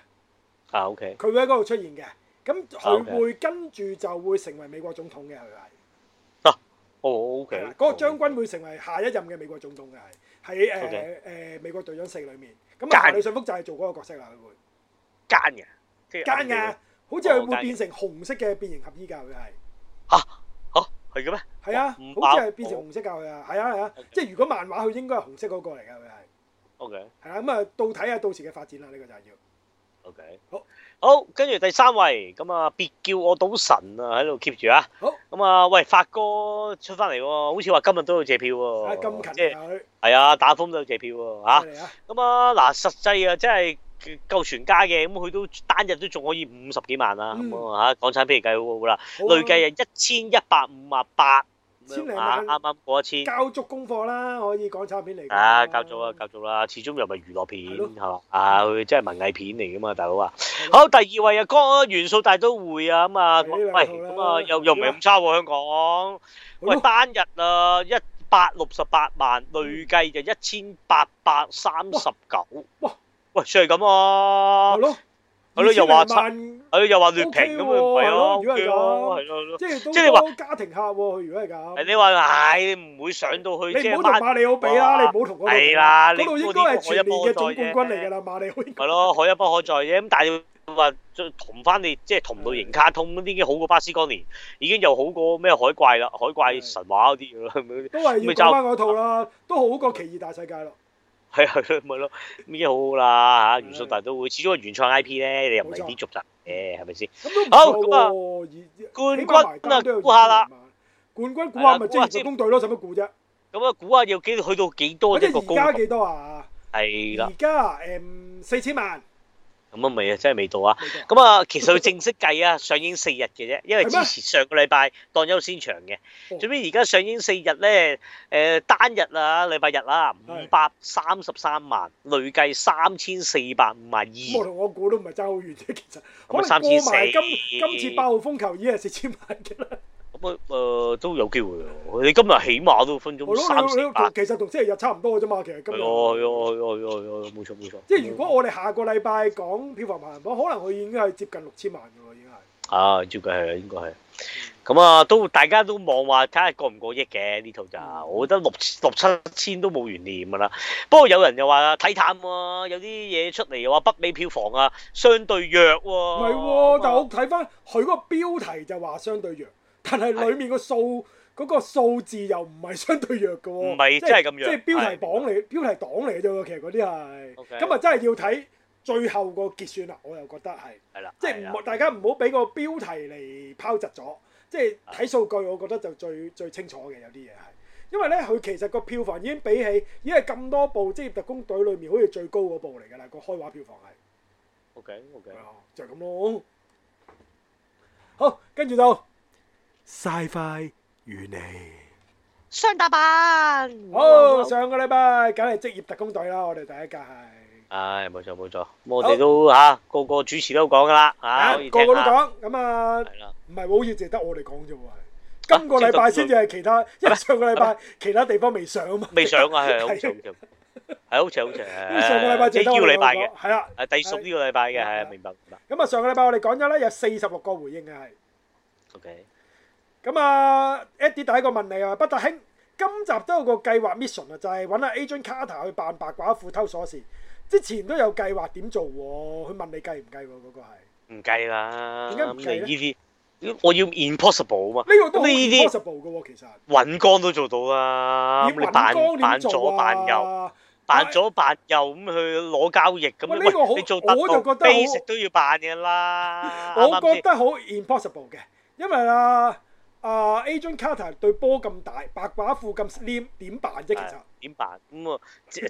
啊，OK。佢會喺嗰度出現嘅，咁佢會跟住就會成為美國總統嘅佢係。吓，O O K。嗰個將軍會成為下一任嘅美國總統嘅係喺誒誒美國隊長四裏面。咁啊，李信福就係做嗰個角色啦，佢會奸嘅，奸嘅，好似會變成紅色嘅變形俠醫噶，佢係吓。係嘅咩？係啊，我好似係變成紅色噶佢啊，係啊係啊，Okay. 即係如果漫畫佢應該係紅色嗰個嚟噶佢係。O K。係啊 Okay.，咁啊到睇下到時嘅發展啦呢、這個就係要。O K。好，好，跟住第三位，咁啊，別叫我賭神啊喺度 keep 住啊。好。咁啊、嗯，喂，發哥出翻嚟喎，好似話今日都有借票喎。啊，咁、啊、近嘅佢。係啊、就是，打風都有借票喎。吓。咁啊，嗱、啊啊，實際啊，即係。夠全家嘅，咁佢都單日都仲可以五十幾萬啊，吓，港產片嚟計好好啦，累計啊一千一百五啊八，啊啱啱過一千。交足功課啦，可以港產片嚟。啊，交足啊，交足啦，始終又咪娛樂片係嘛，佢真係文藝片嚟噶嘛大佬啊。好，第二位啊，個元素大都會啊，咁啊，喂，咁啊又又唔係咁差喎，香港，喂，單日啊一百六十八萬，累計就一千八百三十九。喂，仲係咁啊？係咯，係咯，又話七，係咯，又話劣評咁樣，唔係咯，即係即係你話家庭下喎，如果係咁，誒你話你唔會上到去即係馬里奧比啦，你唔好同我講，係啦，嗰啲海一波傳奇嘅冠軍嚟㗎啦，馬里奧。係咯，海一波可再啫。咁但係話同唔翻你，即係同類型卡通嗰啲已經好過《巴斯光年》，已經又好過咩《海怪》啦，《海怪神話》嗰啲嘅啦，都係要翻套啦，都好過《奇異大世界》咯。係啊，咪咯， 咩好好啦嚇，元素大都會，始終係原創 I P 咧，你又唔係啲續集嘅，係咪先？好咁啊，冠軍啊估下啦，冠軍估下咪即係特工隊咯，使乜估啫？咁啊，估下要幾、啊啊、去到幾多嘅個高？眾？而家幾多啊？係啦的，而家誒四千萬。嗯 4, 000, 000咁啊未啊，真係未到啊！咁、嗯、啊，其實佢正式計啊， 上映四日嘅啫，因為之前上個禮拜當優先場嘅。做咩而家上映四日咧，誒、呃、單日啊，禮拜日啊，五百三十三萬，累計三千四百五萬。咁啊，我估都唔係爭好遠啫，其實。咁三千四。今今次八號風球已經係四千萬嘅啦。誒、呃，都有機會嘅。你今日起碼都分鐘三千八、哦、其實同星期日差唔多嘅啫嘛。其實今日冇錯，冇、哦、錯。哦哦、錯錯即係如果我哋下個禮拜講票房排行榜，可能佢已經係接近六千萬嘅咯，已經係。啊，接近係啦，應該係。咁、嗯、啊，都大家都望話睇下過唔過億嘅呢套就是，我覺得六六七千都冇懸念噶啦。不過有人又話睇淡喎、啊，有啲嘢出嚟又話北美票房啊，相對弱喎、啊。唔係、啊，但我睇翻佢嗰個標題就話相對弱。但係裡面個數嗰個數字又唔係相對弱嘅喎，唔係真係咁弱，即係標題榜嚟、標題黨嚟嘅啫喎。其實嗰啲係，咁啊真係要睇最後個結算啦。我又覺得係，係啦，即係唔大家唔好俾個標題嚟拋窒咗，即係睇數據，我覺得就最最清楚嘅有啲嘢係，因為咧佢其實個票房已經比起已經係咁多部《職業特工隊》裏面好似最高嗰部嚟㗎啦，個開畫票房係。OK OK，就咁咯。好，跟住就。晒塊與你，雙打版好。上個禮拜梗係職業特工隊啦，我哋第一屆，係唉，冇錯冇錯，我哋都吓個個主持都講噶啦吓，個個都講咁啊，唔係好似淨係得我哋講啫。喎，今個禮拜先至係其他，因為上個禮拜其他地方未上啊嘛，未上啊係係，係好長好長，上個禮拜淨係得我哋係啦，第屬呢個禮拜嘅係明白明白。咁啊，上個禮拜我哋講咗咧，有四十六個回應嘅係。ok。咁啊，Eddie 第一個問你啊，不打兄，今集都有個計劃 mission 啊，就係、是、揾阿 Agent Carter 去扮白寡婦偷鎖匙。之前都有計劃點做喎、啊？佢問你計唔計？嗰、那個係唔計啦。點解唔計 EV，我要 impossible 啊嘛？呢個都 impossible 噶喎、啊，其實。揾光都做到啦。咁你扮扮左扮右，扮但左扮右咁去攞交易咁。呢喂喂個好你做到我就覺得都要扮噶啦。 我覺得好 impossible 嘅，因為啊。啊、uh,，Agent Carter 對波咁大，白寡婦咁黏 l i 點辦啫？其實點辦咁啊，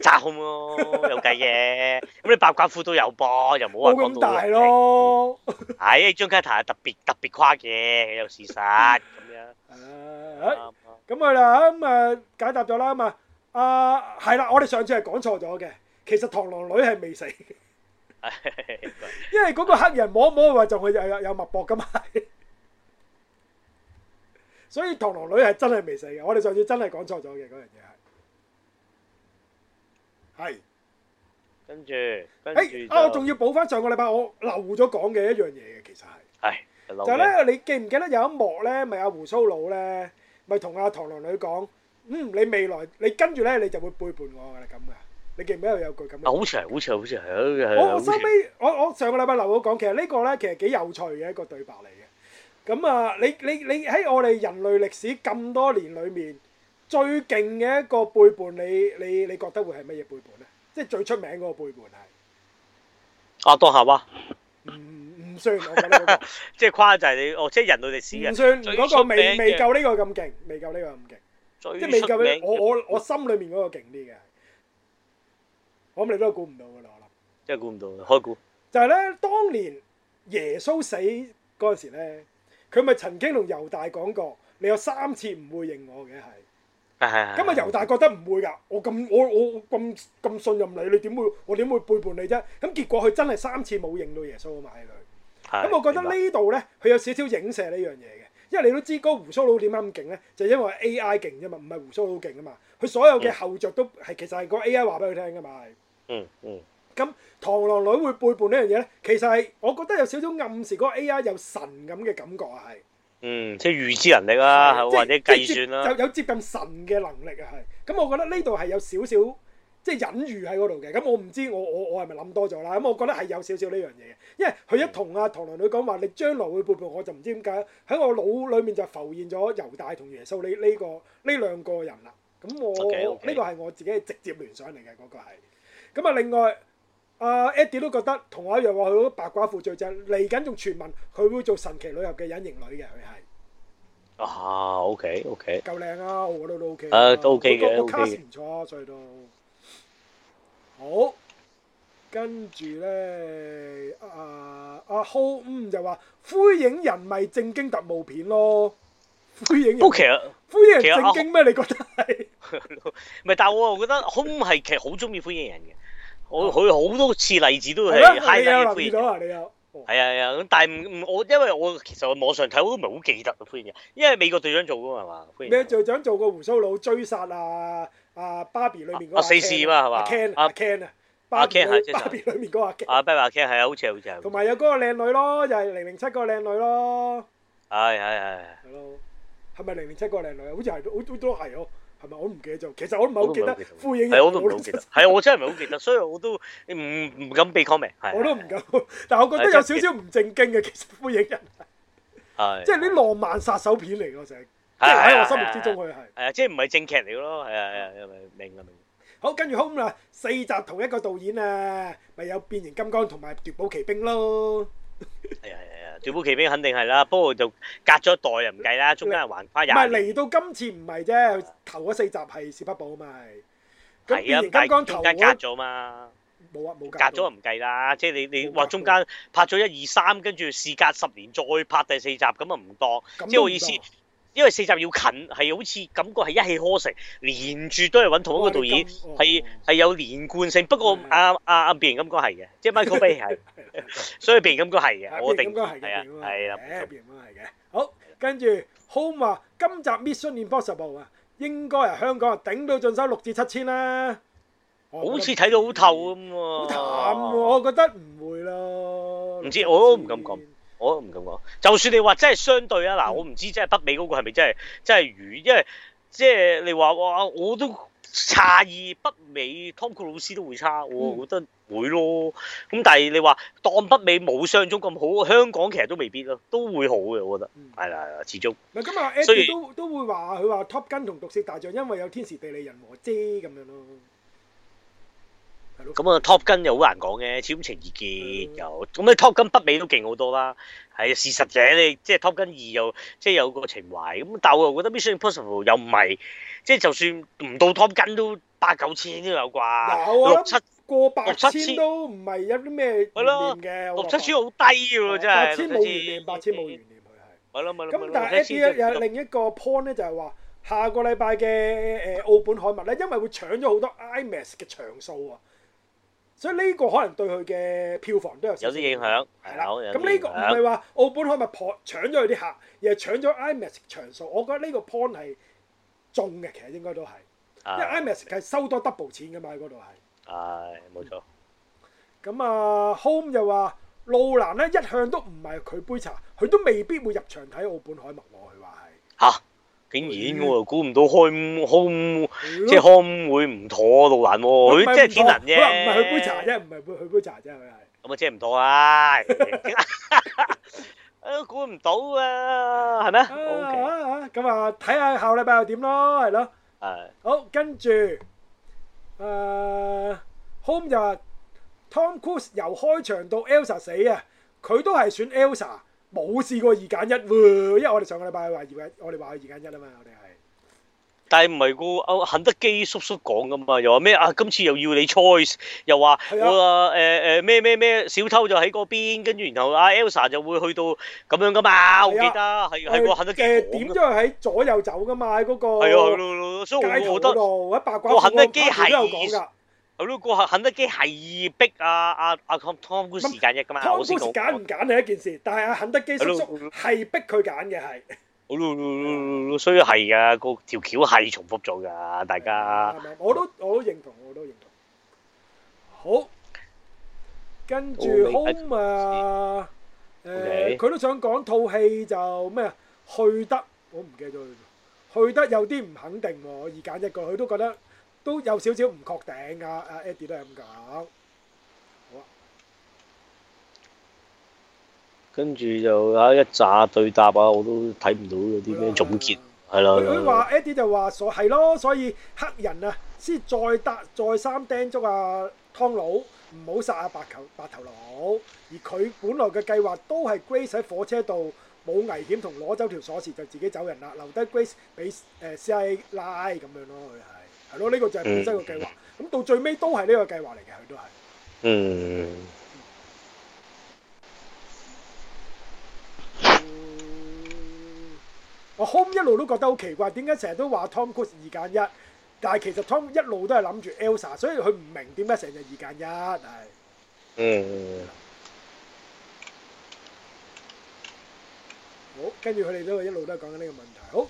揸控咯，有計嘅。咁 你白寡婦都有波，又冇話咁大咯。係、 哎、，Agent Carter 特別特別誇嘅，有事實咁樣、uh, 啊。啊，咁啊啦，咁啊解答咗啦嘛。啊，係啦，我哋上次係講錯咗嘅，其實螳螂女係未死， 因為嗰個黑人摸一摸話仲有有有脈搏噶嘛。 所以螳螂女係真係未死嘅，我哋上次真係講錯咗嘅嗰樣嘢係，係跟住，哎啊，我仲要補翻上個禮拜我漏咗講嘅一樣嘢嘅，其實係，係就係咧，你記唔記得有一幕咧，咪阿胡蘇佬咧，咪同阿螳螂女講，嗯，你未來你跟住咧，你就會背叛我㗎啦，咁嘅，你記唔記得有句咁樣好似係，好似係，好似係，我收尾，我我上個禮拜漏咗講，其實呢個咧，其實幾有趣嘅一個對白嚟。咁啊！你你你喺我哋人類歷史咁多年裏面最勁嘅一個背叛，你你你覺得會係乜嘢背叛咧？即係最出名嗰個背叛係阿當下嘛？唔唔算我覺得呢個即係誇，就係你哦！即係人類歷史嘅唔算嗰個未未夠呢個咁勁，未夠呢個咁勁，即係未夠我我我心裏面嗰個勁啲嘅，我諗你都估唔到噶啦，我諗即係估唔到開估就係咧，當年耶穌死嗰陣時咧。佢咪曾經同猶大講過，你有三次唔會認我嘅係。咁啊，的猶大覺得唔會㗎，我咁我我咁咁信任你，你點會我點會背叛你啫？咁結果佢真係三次冇認到耶穌㗎嘛，係佢。咁的我覺得呢度的呢，佢有少少影射呢樣嘢嘅，因為你都知嗰個胡鬚佬點解咁勁呢？就因為 A I 勁啫嘛，唔係胡鬚佬勁啊嘛，佢所有嘅後著都係、嗯、其實係個 A I 話俾佢聽㗎嘛，係、嗯。嗯嗯。咁螳螂女會背叛呢樣嘢咧，其實係我覺得有少少暗示嗰個 A.I. 有神咁嘅感覺啊，係嗯，即係預知能力啦、啊，或者，或者計算啦，有有接近神嘅能力啊，係咁，我覺得呢度係有少少即係隱喻喺嗰度嘅。咁我唔知我我我係咪諗多咗啦？咁我覺得係有少少呢樣嘢嘅，因為佢一同阿螳螂女講話、嗯、你將來會背叛，我就唔知點解喺我腦裡面就浮現咗猶大同耶穌呢、這、呢個呢、呢個呢個呢個、兩個人啦。咁我呢個係我自己直接聯想嚟嘅嗰個係。咁啊，另外。阿 Eddie 都覺得同我一樣話佢白寡婦最正，嚟緊仲傳聞佢會做神奇旅遊嘅隱形女嘅，佢係啊，OK OK 夠靚啊，我覺得都 OK，誒都 OK 嘅，都 class 唔錯啊，所以都好跟住咧，阿阿 Home 就話《灰影人》咪正經特務片咯，《灰影人》OK 啊，《灰影人》正經咩？你覺得係咪？但係我覺得 Home 係其實好中意《灰影人》嘅。我佢好多次例子都係 h，係啊係啊，咁但係我因為我其實我網上睇，我都唔係好記得啊，片嘅，因為美國隊長做噶嘛，係嘛，美國隊長做過鬍鬚佬追殺啊。啊芭比裡面嗰個 Ken 啊 Ken 啊，芭芭芭比裡面嗰個 Ken 啊芭芭 Ken 係啊，好似係好似係，同埋有嗰個靚女咯，又係零零七嗰個靚女咯，係係係，係咯，係咪零零七嗰個靚女好似係，都都都係係咪我唔記得咗？其實我都唔係好記得。灰影人我都唔好記得。係啊，我真係唔係好記得，所以我都唔唔敢 be comment。我都唔敢，但係我覺得有少少唔正經嘅，其實灰影人係即係啲浪漫殺手片嚟嘅，成即係喺我心目之中佢係係啊，即係唔係正劇嚟嘅咯？係啊係啊，明啊明。好，跟住好咁啊，四集同一個導演啊，咪有變形金剛同埋奪寶奇兵咯。係啊係啊，奪寶 奇兵肯定係啦，不過就隔咗一代又唔計啦，中間還拍廿。唔係嚟到今次唔係啫，頭嗰四集係小不寶嘛係。係啊，中間隔咗嘛，冇啊冇隔咗就唔計啦，即係你你話中間拍咗一二三，跟住事隔十年再拍第四集咁啊唔當，當即係我意思。啊因為四集要近，係好似感覺係一氣呵成，連住都係揾同一個導演，係係、哦哦、有連貫性。不過阿阿阿邊咁講係嘅，即係 Michael Bay 係，所以邊咁講係嘅，嗯、我定係啊，係啊，邊咁講係嘅。好，跟住 Home 話：今集《Mission Impossible》啊，應該啊香港啊頂到盡收六至七千啦。好似睇到好透咁喎，好淡，我覺得唔會咯。唔知，我都唔敢講。我都唔敢講。就算你話真係相對啊，嗱，嗯、我唔知真係北美嗰個係咪真係真係如，因為即係你話我都差異北美，Top 酷老師都會差我覺得會咯。咁但係你話當北美冇相中咁好，香港其實都未必咯，都會好嘅，我覺得。係啦係啦，始終。嗱咁啊 a n 都都會話佢話 Top 跟同毒色大象，因為有天時地利人和啫咁樣咯。咁啊，Top Gun 又好難講嘅，始終情意結又咁咧。Top Gun 北美都勁好多啦，係事實嘅。你即係 Top Gun 二又即係有個情懷咁，但係我覺得，Mission Impossible 又唔係即係就算唔到 Top Gun 都八九千都有啩，六七過八千都唔係有啲咩面嘅，六七千好低㗎喎，真係六千冇懸念，八千冇懸念，佢係。係咯係咯。咁但係 A D 又另一個 point 咧，就係話下個禮拜嘅誒澳本海物咧，因為會搶咗好多 IMAX 嘅場數啊。所以呢個可能對佢嘅票房都有少少影響，係啦對了。咁呢個唔係話澳本海默破搶咗佢啲客，而係搶咗 IMAX 場數。我覺得呢個 point 係中嘅，其實應該都係，哎、因為 IMAX 係收多 double 錢㗎嘛，嗰度係。係、哎，冇錯、嗯。咁啊，Home 又話路蘭咧一向都唔係佢杯茶，佢都未必會入場睇澳本海默喎。佢話係嚇。竟然喎，我估唔到 home home，即係 home 會唔妥到爛喎！佢即係天人啫，佢唔係佢杯茶啫，唔係佢佢杯茶啫，佢。咁啊，真唔妥啊！啊，估唔到啊，係咪？咁啊，睇下下禮拜又點咯，係咯。係。好，跟住誒 home 就係 Tom Cruise 由開場到 Elsa 死啊！佢都係選 Elsa。冇試過二揀一喎，因為我哋上個禮拜話二揀，我哋話二揀一啊嘛，我哋係。但係唔係個阿肯德基叔叔講噶嘛？又話咩啊？今次又要你 choice，又話我啊誒誒咩咩咩小偷就喺嗰邊，跟住然後啊 Elsa 就會去到咁樣噶嘛？我記得係係個肯德基點，都係喺左右走噶嘛，喺嗰個係啊，路路蘇豪嗰度，喺八卦坡嗰度。個肯德基係講㗎。好咯，過客肯德基係逼啊啊啊湯湯哥時間嘅咁啊，湯哥揀唔揀係一件事，但係阿肯德基叔叔係逼佢揀嘅係。好咯，所以係噶個條橋係重複咗噶，大家。係咪？我都我都認同，我都認同。好，跟住 home 啊，誒，佢都想講套戲就咩啊？去得我唔記得咗，去得有啲唔肯定，我二揀一個，佢都覺得。都有少少唔確定啊！阿 Eddie 都係咁講，好啊。跟住就有一紮對答啊，我都睇唔到有啲咩總結係啦。佢話 Eddie 就話：，所係咯，所以黑人啊，先再搭再三叮囑啊湯佬，唔好殺啊白頭白頭佬。而佢本來嘅計劃都係 Grace 喺火車度冇危險，同攞走條鎖匙就自己走人啦，留低 Grace 俾誒 CIA 拉咁樣咯，佢啊。係咯，呢、這個就係本身個計劃。咁、嗯、到最尾都係呢個計劃嚟嘅，佢都係。嗯。我、嗯、Home 一路都覺得好奇怪，點解成日都話 Tom Cruise 二揀一？但係其實 Tom 一路都係諗住 Elsa，所以佢唔明點解成日二揀一係。但嗯。好，跟住佢哋都一路都係講緊呢個問題。好。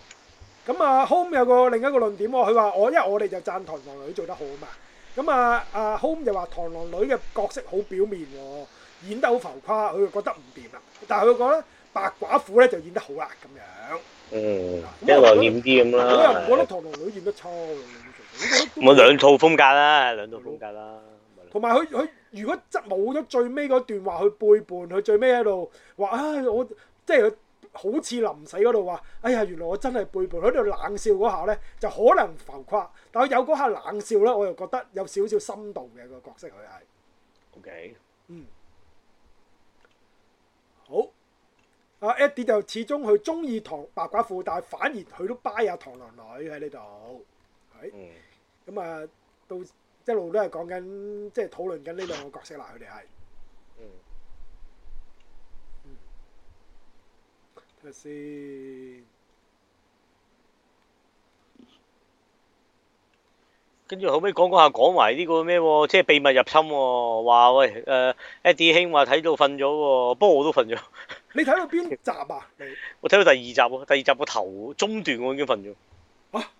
咁啊，Home 有個另一個論點喎，佢話我，因為我哋就贊螳螂女做得好啊嘛。咁啊啊，Home 就話螳螂女嘅角色好表面、哦，演得好浮誇，佢覺得唔掂啦。但係佢覺得白寡婦咧就演得好啦咁樣點點演。嗯，即係內斂啲咁啦。我我覺得螳螂女演得錯。我兩套風格啦，兩套風格啦。同埋佢佢如果執冇咗最尾嗰段話，去背叛，佢最尾喺度話啊，我，我即係佢。哎好似臨死嗰度話，哎呀，原來我真係背叛！喺度冷笑嗰下咧，就可能浮誇。但係有嗰刻冷笑咧，我又覺得有少少深度嘅，個角色佢係。OK，嗯，好。阿 Eddie 就始終佢中意唐白寡婦，但係反而佢都 buy 下螳螂女喺呢度。係，咁啊，到一路都係講緊，即係討論緊呢兩個角色啦。佢哋係。先，跟住後尾講講下，講埋呢個咩、啊？即係秘密入侵喎、啊。話喂，誒、呃、，Eddie 兄話睇到瞓咗喎。不過我都瞓咗。 你睇到邊集啊？你我睇到第二集喎。第二集個頭中段我已經瞓咗。啊，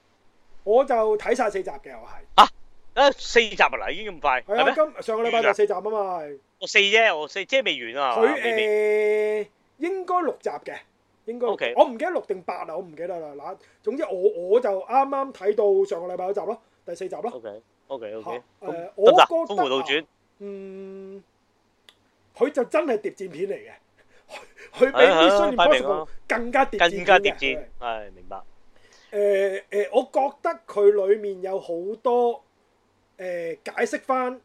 我就睇晒四集嘅，我係、啊。啊，誒，四集啊，嗱，已經咁快，係咩、啊？今嗎上個禮拜第四集啊嘛我，我四啫，我四啫未完啊。佢未、呃，應該六集嘅。應該 O K，我唔記得六定八啊，我唔記得啦。嗱，總之我我就啱啱睇到上個禮拜嗰集咯，第四集咯。O K，O K，O K。誒，我覺得嗯，佢就真係諜戰片嚟嘅，佢比《雙面特工》更加諜戰。更加諜戰。係明白。誒誒，我覺得佢裏面有好多誒解釋翻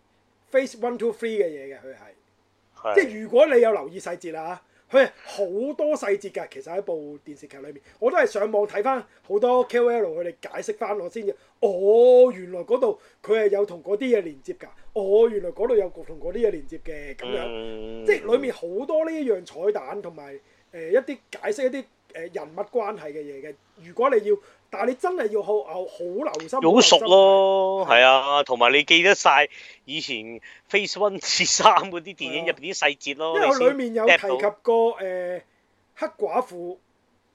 Face One to Three 嘅嘢嘅，佢係，即係如果你有留意細節啦吓。佢係好多細節㗎，其實喺部電視劇裏面，我都係上網睇翻好多 KOL 佢哋解釋翻，我先知哦，原來嗰度佢係有同嗰啲嘢連接㗎，哦，原來嗰度有同嗰啲嘢連接嘅咁樣，即係裏面好多呢一樣彩蛋同埋誒一啲解釋一啲誒人物關係嘅嘢嘅，如果你要。但係你真係要好好留心，好熟咯，係啊，同埋的的你記得晒以前《Phase One 至三》嗰啲電影入邊啲細節咯。因為佢裡面有提及過誒、呃、黑寡婦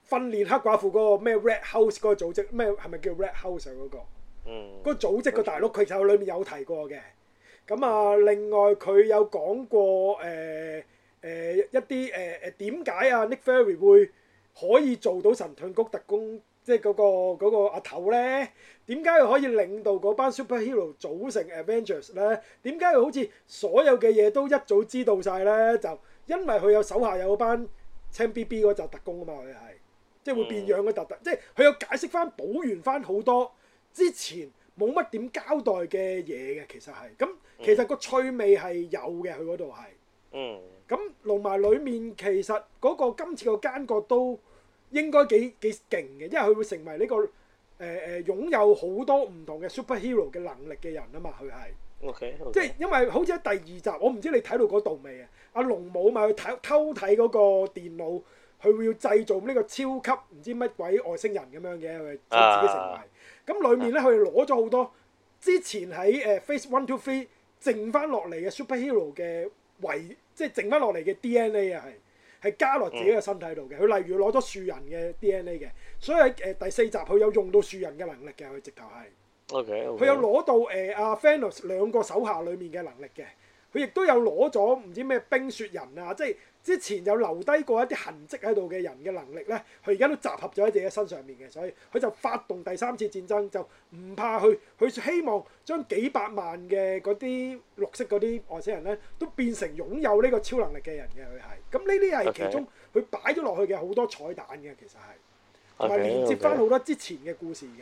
訓練黑寡婦嗰個咩 Red House 嗰個組織咩，係咪叫 Red House 嗰、啊那個？嗯，嗰個組織個大佬佢就裡面有提過嘅。咁啊，另外佢有講過誒誒、呃呃、一啲誒誒點解啊 Nick Fury 會可以做到神盾局特工？即係嗰個嗰個阿頭咧，點解佢可以領導嗰班 superhero 組成 Avengers 咧？點解佢好似所有嘅嘢都一早知道晒咧？就因為佢有手下有嗰班青 BB 嗰扎特工啊嘛，佢係即係會變樣嘅特特，即係佢有解釋翻補完翻好多之前冇乜點交代嘅嘢嘅，其實係咁，其實個趣味係有嘅，佢嗰度係，嗯，咁龍埋裡面其實嗰個今次個奸角都。應該幾幾勁嘅，因為佢會成為呢、這個誒誒、呃、擁有好多唔同嘅 superhero 嘅能力嘅人啊嘛，佢係。OK, okay. 即係因為好似喺第二集，我唔知你睇到嗰度未啊？阿龍武咪去睇偷睇嗰個電腦，佢會要製造呢個超級唔知乜鬼外星人咁樣嘅，佢自己成為。咁、uh、裡面咧，佢攞咗好多之前喺誒 Phase One Two Three 剩翻落嚟嘅 superhero 嘅遺，即係剩翻落嚟嘅 DNA 啊，係。係加落自己嘅身體度嘅，佢、嗯、例如攞咗樹人嘅 DNA 嘅，所以喺誒、呃、第四集佢有用到樹人嘅能力嘅，佢直頭係，佢 Okay, okay. 有攞到誒阿 Thanos, Okay . S、啊 Venus、兩個手下裡面嘅能力嘅。佢亦都有攞咗唔知咩冰雪人啊，即係之前有留低過一啲痕迹喺度嘅人嘅能力咧，佢而家都集合咗喺自己身上面嘅，所以佢就發動第三次戰爭，就唔怕去，佢希望將幾百萬嘅嗰啲綠色嗰啲外星人咧，都變成擁有呢個超能力嘅人嘅佢係，咁呢啲係其中佢擺咗落去嘅好多彩蛋嘅其實，係同埋連接翻好多之前嘅故事嘅。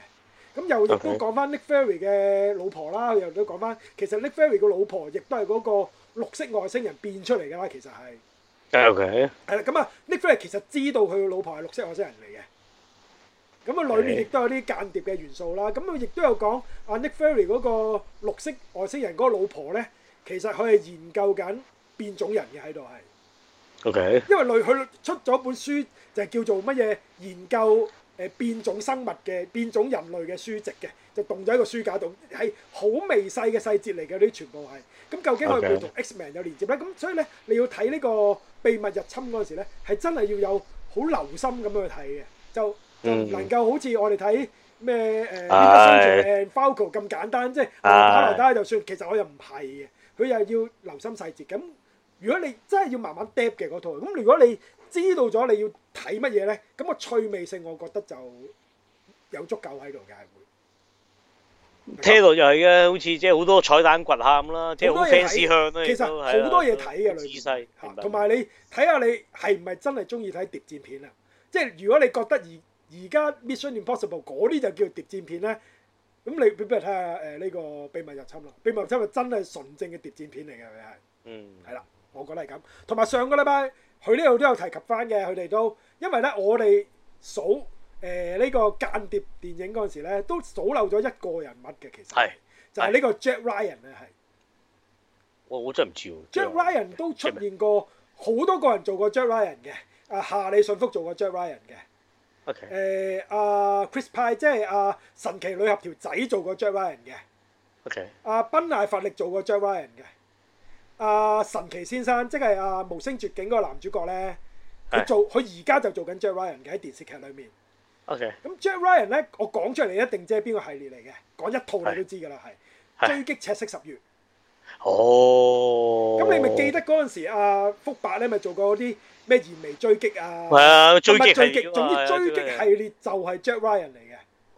咁又亦都講翻 Nick Fury 嘅老婆啦，又都講翻，其實 Nick Fury 個老婆亦都係嗰個綠色外星人變出嚟噶啦，其實係。O Okay . K。係啦，咁啊，Nick Fury 其實知道佢個老婆係綠色外星人嚟嘅。咁啊，裏面亦都有啲間諜嘅元素啦。咁佢亦都有講阿、啊、Nick Fury 嗰個綠色外星人嗰個老婆咧，其實佢係研究緊變種人嘅喺度係。O K。Okay. 因為佢出咗本書就係、叫做乜嘢研究。誒變種生物嘅變種人類嘅書籍嘅，就戙咗喺個書架度，係好微細嘅細節嚟嘅，呢啲全部係。咁究竟我佢同 X-Men 有連接咧？咁 Okay. 所以咧，你要睇呢個秘密入侵嗰陣時咧，係真係要有好留心咁樣去睇嘅，就唔能夠好似我哋睇咩誒誒 Focal 咁簡單，即係打來打去就算，其實我又唔係嘅，佢又要留心細節。咁如果你真係要慢慢揼嘅嗰套，咁如果你知道咗你要睇乜嘢咧，咁個趣味性我覺得就有足夠喺度嘅。聽落就係、是、嘅，好似即係好多彩蛋掘下咁啦，即係好 fans 向啦。其實好多嘢睇嘅，同埋你睇下、啊、你係唔係真係中意睇諜戰片啦、啊？即、就、係、是、如果你覺得而而家 Mission Impossible 嗰啲就叫諜戰片咧，咁你不如睇下誒呢個秘密入侵啦。秘密入侵係真係純正嘅諜戰片嚟嘅，佢係嗯係啦，我覺得係咁。同埋上個禮拜。佢呢度都有提及翻嘅，佢哋都因為咧，我哋數誒呢個間諜電影嗰陣時咧，都數漏咗一個人物嘅，其實係就係呢個 Jack Ryan 啊，係我我真係唔知喎 Jack Ryan 都出現過好多個人做過 Jack Ryan 嘅，啊夏利順福做過 Jack Ryan 嘅，OK，誒阿、呃啊、Chris Pine 即係阿、啊、神奇女俠條仔做過 Jack Ryan 嘅，OK，阿賓艾佛力做過 Jack Ryan 嘅。阿、啊、神奇先生，即係阿、啊、無聲絕境嗰個男主角咧，佢的做佢而家就做緊 Jack Ryan 嘅喺電視劇裏面。OK，咁 Jack Ryan 咧，我講出嚟一定即係邊個系列嚟嘅？講一套你都知㗎啦，係的追擊赤色十月。哦的，咁你咪記得嗰陣時阿、啊、福伯咧咪做過啲咩？燃眉追擊啊，係啊，追擊係，總之追擊系列就係 Jack Ryan 嚟。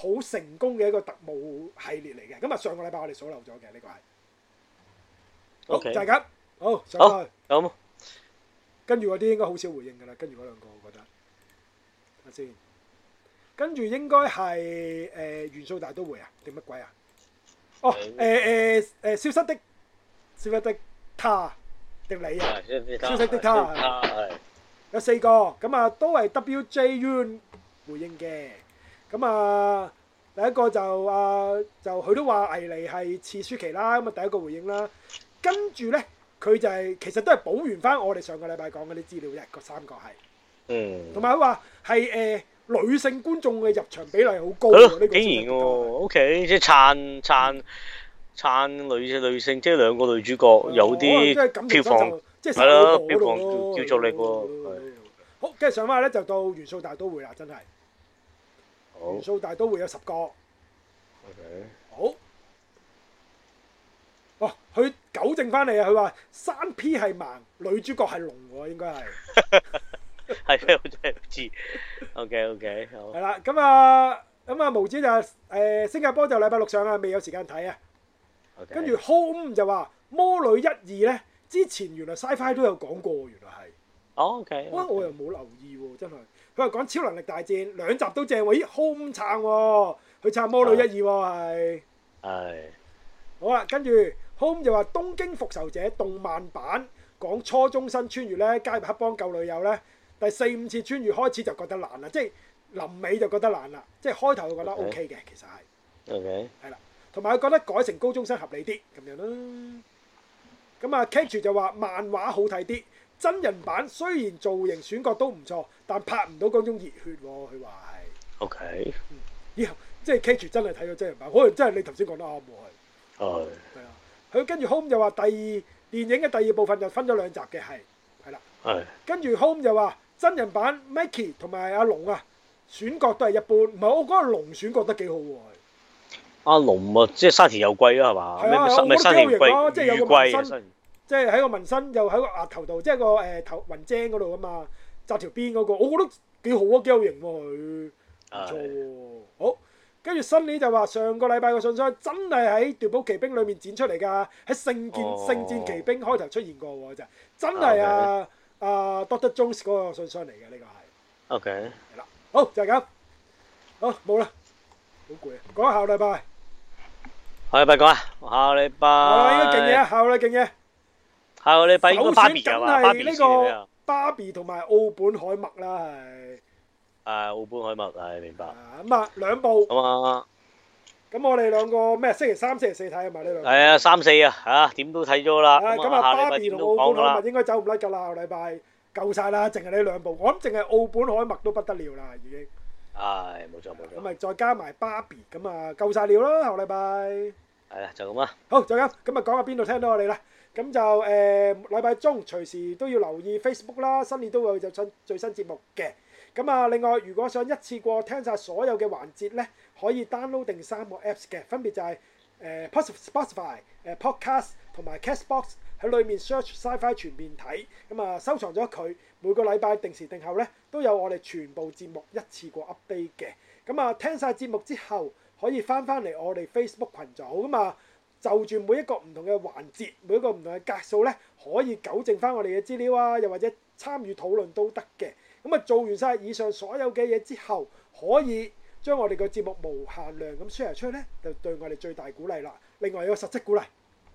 好成功嘅一個特務系列嚟嘅，咁啊上個禮拜我哋所漏咗嘅呢個係，OK，就係咁，好上去，好，跟住嗰啲應該好少回應噶啦，跟住嗰兩個，我覺得，睇下先，跟住應該係誒元素大都會啊，定乜鬼啊？哦，誒誒誒，消失的消失的他定你啊？消失的他，有四個，咁啊都係 WJ Yun 回應嘅。咁啊，第一個就啊，就佢都話倪妮係次舒淇啦，咁啊第一個回應啦。跟住咧，佢就係其實都係補完翻我哋上個禮拜講嗰啲資料啫，個三個係。嗯。同埋佢話係誒女性觀眾嘅入場比例好高。好竟然喎，OK，即係撐撐撐女女性，即係兩個女主角有啲票房，即係咯票房叫座力喎。好，跟住上翻去咧就到元素大都會啦，真係。元素大都會有十個。OK。好。哦，佢糾正翻嚟啊！佢話三 P 係盲，女主角係龍喎，應該係。係咩？我真係唔知。OK OK，好。係啦，咁啊，咁啊，無子就誒新加坡就禮拜六上啊，未有時間睇啊。OK。跟住 Home 就話魔女一二咧，之前原來 Sci-Fi 都有講過，原來係。o、oh, k、okay, okay. 我又冇留意喎，真係。佢又講超能力大戰兩集都正喎，咦，Home 撐喎、哦，佢撐魔女一二喎，係。係。好啦，跟住 Home 就話東京復仇者動漫版講初中生穿越咧，加入黑幫救女友咧，第四五次穿越開始就覺得難啦，即係臨尾就覺得難啦，即係開頭就覺得 OK 嘅，okay. 其實係。OK。係啦，同埋佢覺得改成高中生合理啲，咁樣囉。咁啊，Catch 就話漫畫好睇啲。真人版雖然造型選角都唔錯，但拍唔到嗰種熱血、喔，佢話係。OK，嗯，以、哎、後即係 Kate 真係睇咗真人版，可能真係你頭先講得啱冇錯。係、oh，啊。佢跟住 Home 就話第二電影嘅第二部分就分咗兩集嘅，係，係啦。係。跟住 Home 就話真人版 Mikey 同埋阿龍啊，選角都係一般。唔係，我覺得阿龍選角得幾好喎。阿、啊、龍啊，即係山田裕貴啊，係嘛？係啊，冇機會即係有個即係喺個紋身，又喺個額頭度，即係個誒頭雲精嗰度啊嘛，紮條辮嗰個，我覺得幾好啊，幾有型喎佢，唔錯，好。跟住 Sunny 就話上個禮拜個信箱真係喺《奪寶奇兵》裏面展出嚟噶，喺《聖劍聖戰奇兵》開頭出現過咋，真係啊啊 Doctor Jones 嗰個信箱嚟嘅呢個係。OK，係啦，好就係咁，好冇啦，好攰啊！講下個禮拜，下禮拜講啊，下個禮拜。好啦，應該勁嘢，下個禮拜勁嘢。係我哋拜咗芭比噶嘛？芭比同埋奧本海默啦，係誒，奧本海默係明白。咁啊，兩部咁啊，咁我哋兩個咩？星期三、星期四睇啊嘛呢兩部？係啊，三四啊，吓點都睇咗啦。咁啊，芭比同奧本海默應該走唔甩噶啦，下禮拜夠晒啦，淨係呢兩部，我諗淨係奧本海默都不得了啦，已經係冇錯冇錯。咁咪再加埋芭比，咁啊夠晒料啦，下禮拜係啊，就咁啦。好就咁，咁啊講下邊度聽到我哋啦。咁就誒禮拜中隨時都要留意 Facebook 啦，新年都會有新最新節目嘅。咁啊，另外如果想一次過聽晒所有嘅環節咧，可以 download 定三個 Apps 嘅，分別就係誒 Spotify、誒 Podcast 同埋 Castbox 喺裏面 search sci-fi 全面睇。咁啊，收藏咗佢每個禮拜定時定候咧，都有我哋全部節目一次過 update 嘅。咁啊，聽晒節目之後可以翻翻嚟我哋 Facebook 群組噶嘛。就住每一個唔同嘅環節，每一個唔同嘅格數咧，可以糾正翻我哋嘅資料啊，又或者參與討論都得嘅。咁啊，做完晒以上所有嘅嘢之後，可以將我哋嘅節目無限量咁 share 出去咧，就對我哋最大鼓勵啦。另外有個實質鼓勵。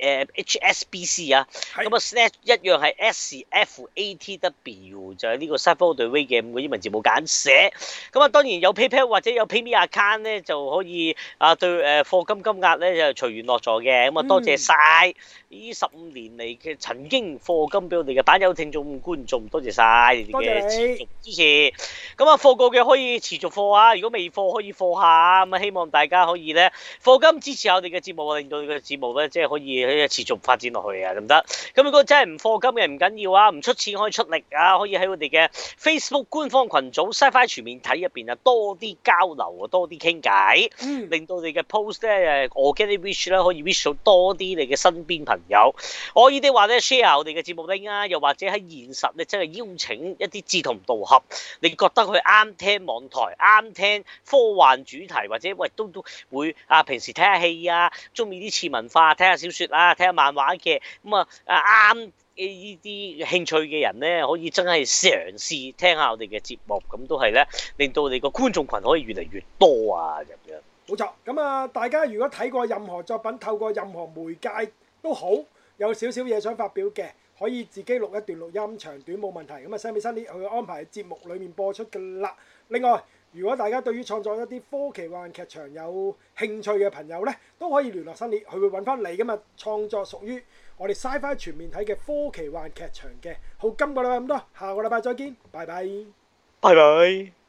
誒、uh, HSBC 啊，咁是啊 Snap 一樣係 S F A T W 就係呢個 s e v e r a l V 嘅五個英文字母簡寫。咁啊當然有 PayPal 或者有 PayMe Account 咧就可以啊，對誒課金金額咧就隨緣落座嘅。咁啊多謝晒呢十五年嚟嘅曾經課金俾我哋嘅版友、聽眾、觀眾，多謝曬嘅、嗯、持續支持。咁啊課過嘅可以持續課啊，如果未課可以課下，咁啊，希望大家可以咧課金支持下我哋嘅節目，令到我哋嘅節目咧即係可以。持續發展落去啊，咁得。咁如果真係唔課金嘅唔緊要啊，唔出錢可以出力啊，可以喺我哋嘅 Facebook 官方群組 Sci-Fi 全面睇入邊啊，多啲交流啊，多啲傾偈，令到你嘅 post 咧、啊，我 get 啲 wish 咧，可以 wish 到多啲你嘅身邊朋友。可以呢我依啲話咧 share 我哋嘅節目拎啊，又或者喺現實咧真係邀請一啲志同道合，你覺得佢啱聽網台、啱聽科幻主題或者喂都都會啊，平時睇下戲啊，中意啲次文化，睇下小説啊。啊！睇下漫畫嘅咁啊，啊啱嘅呢啲興趣嘅人咧，可以真係嘗試聽下我哋嘅節目，咁都係咧，令到你個觀眾群可以越嚟越多啊！咁樣冇錯，咁啊，大家如果睇過任何作品，透過任何媒介都好，有少少嘢想發表嘅，可以自己錄一段錄音，長短冇問題，咁啊，send 俾 Sunny 去安排喺節目裡面播出㗎啦。另外，如果大家對於創作一啲科奇幻劇場有興趣嘅朋友咧，都可以聯絡新列，佢會揾翻你咁啊，創作屬於我哋 Sci-Fi 全面睇嘅科奇幻劇場嘅。好，今個禮拜咁多，下個禮拜再見，拜拜，拜拜。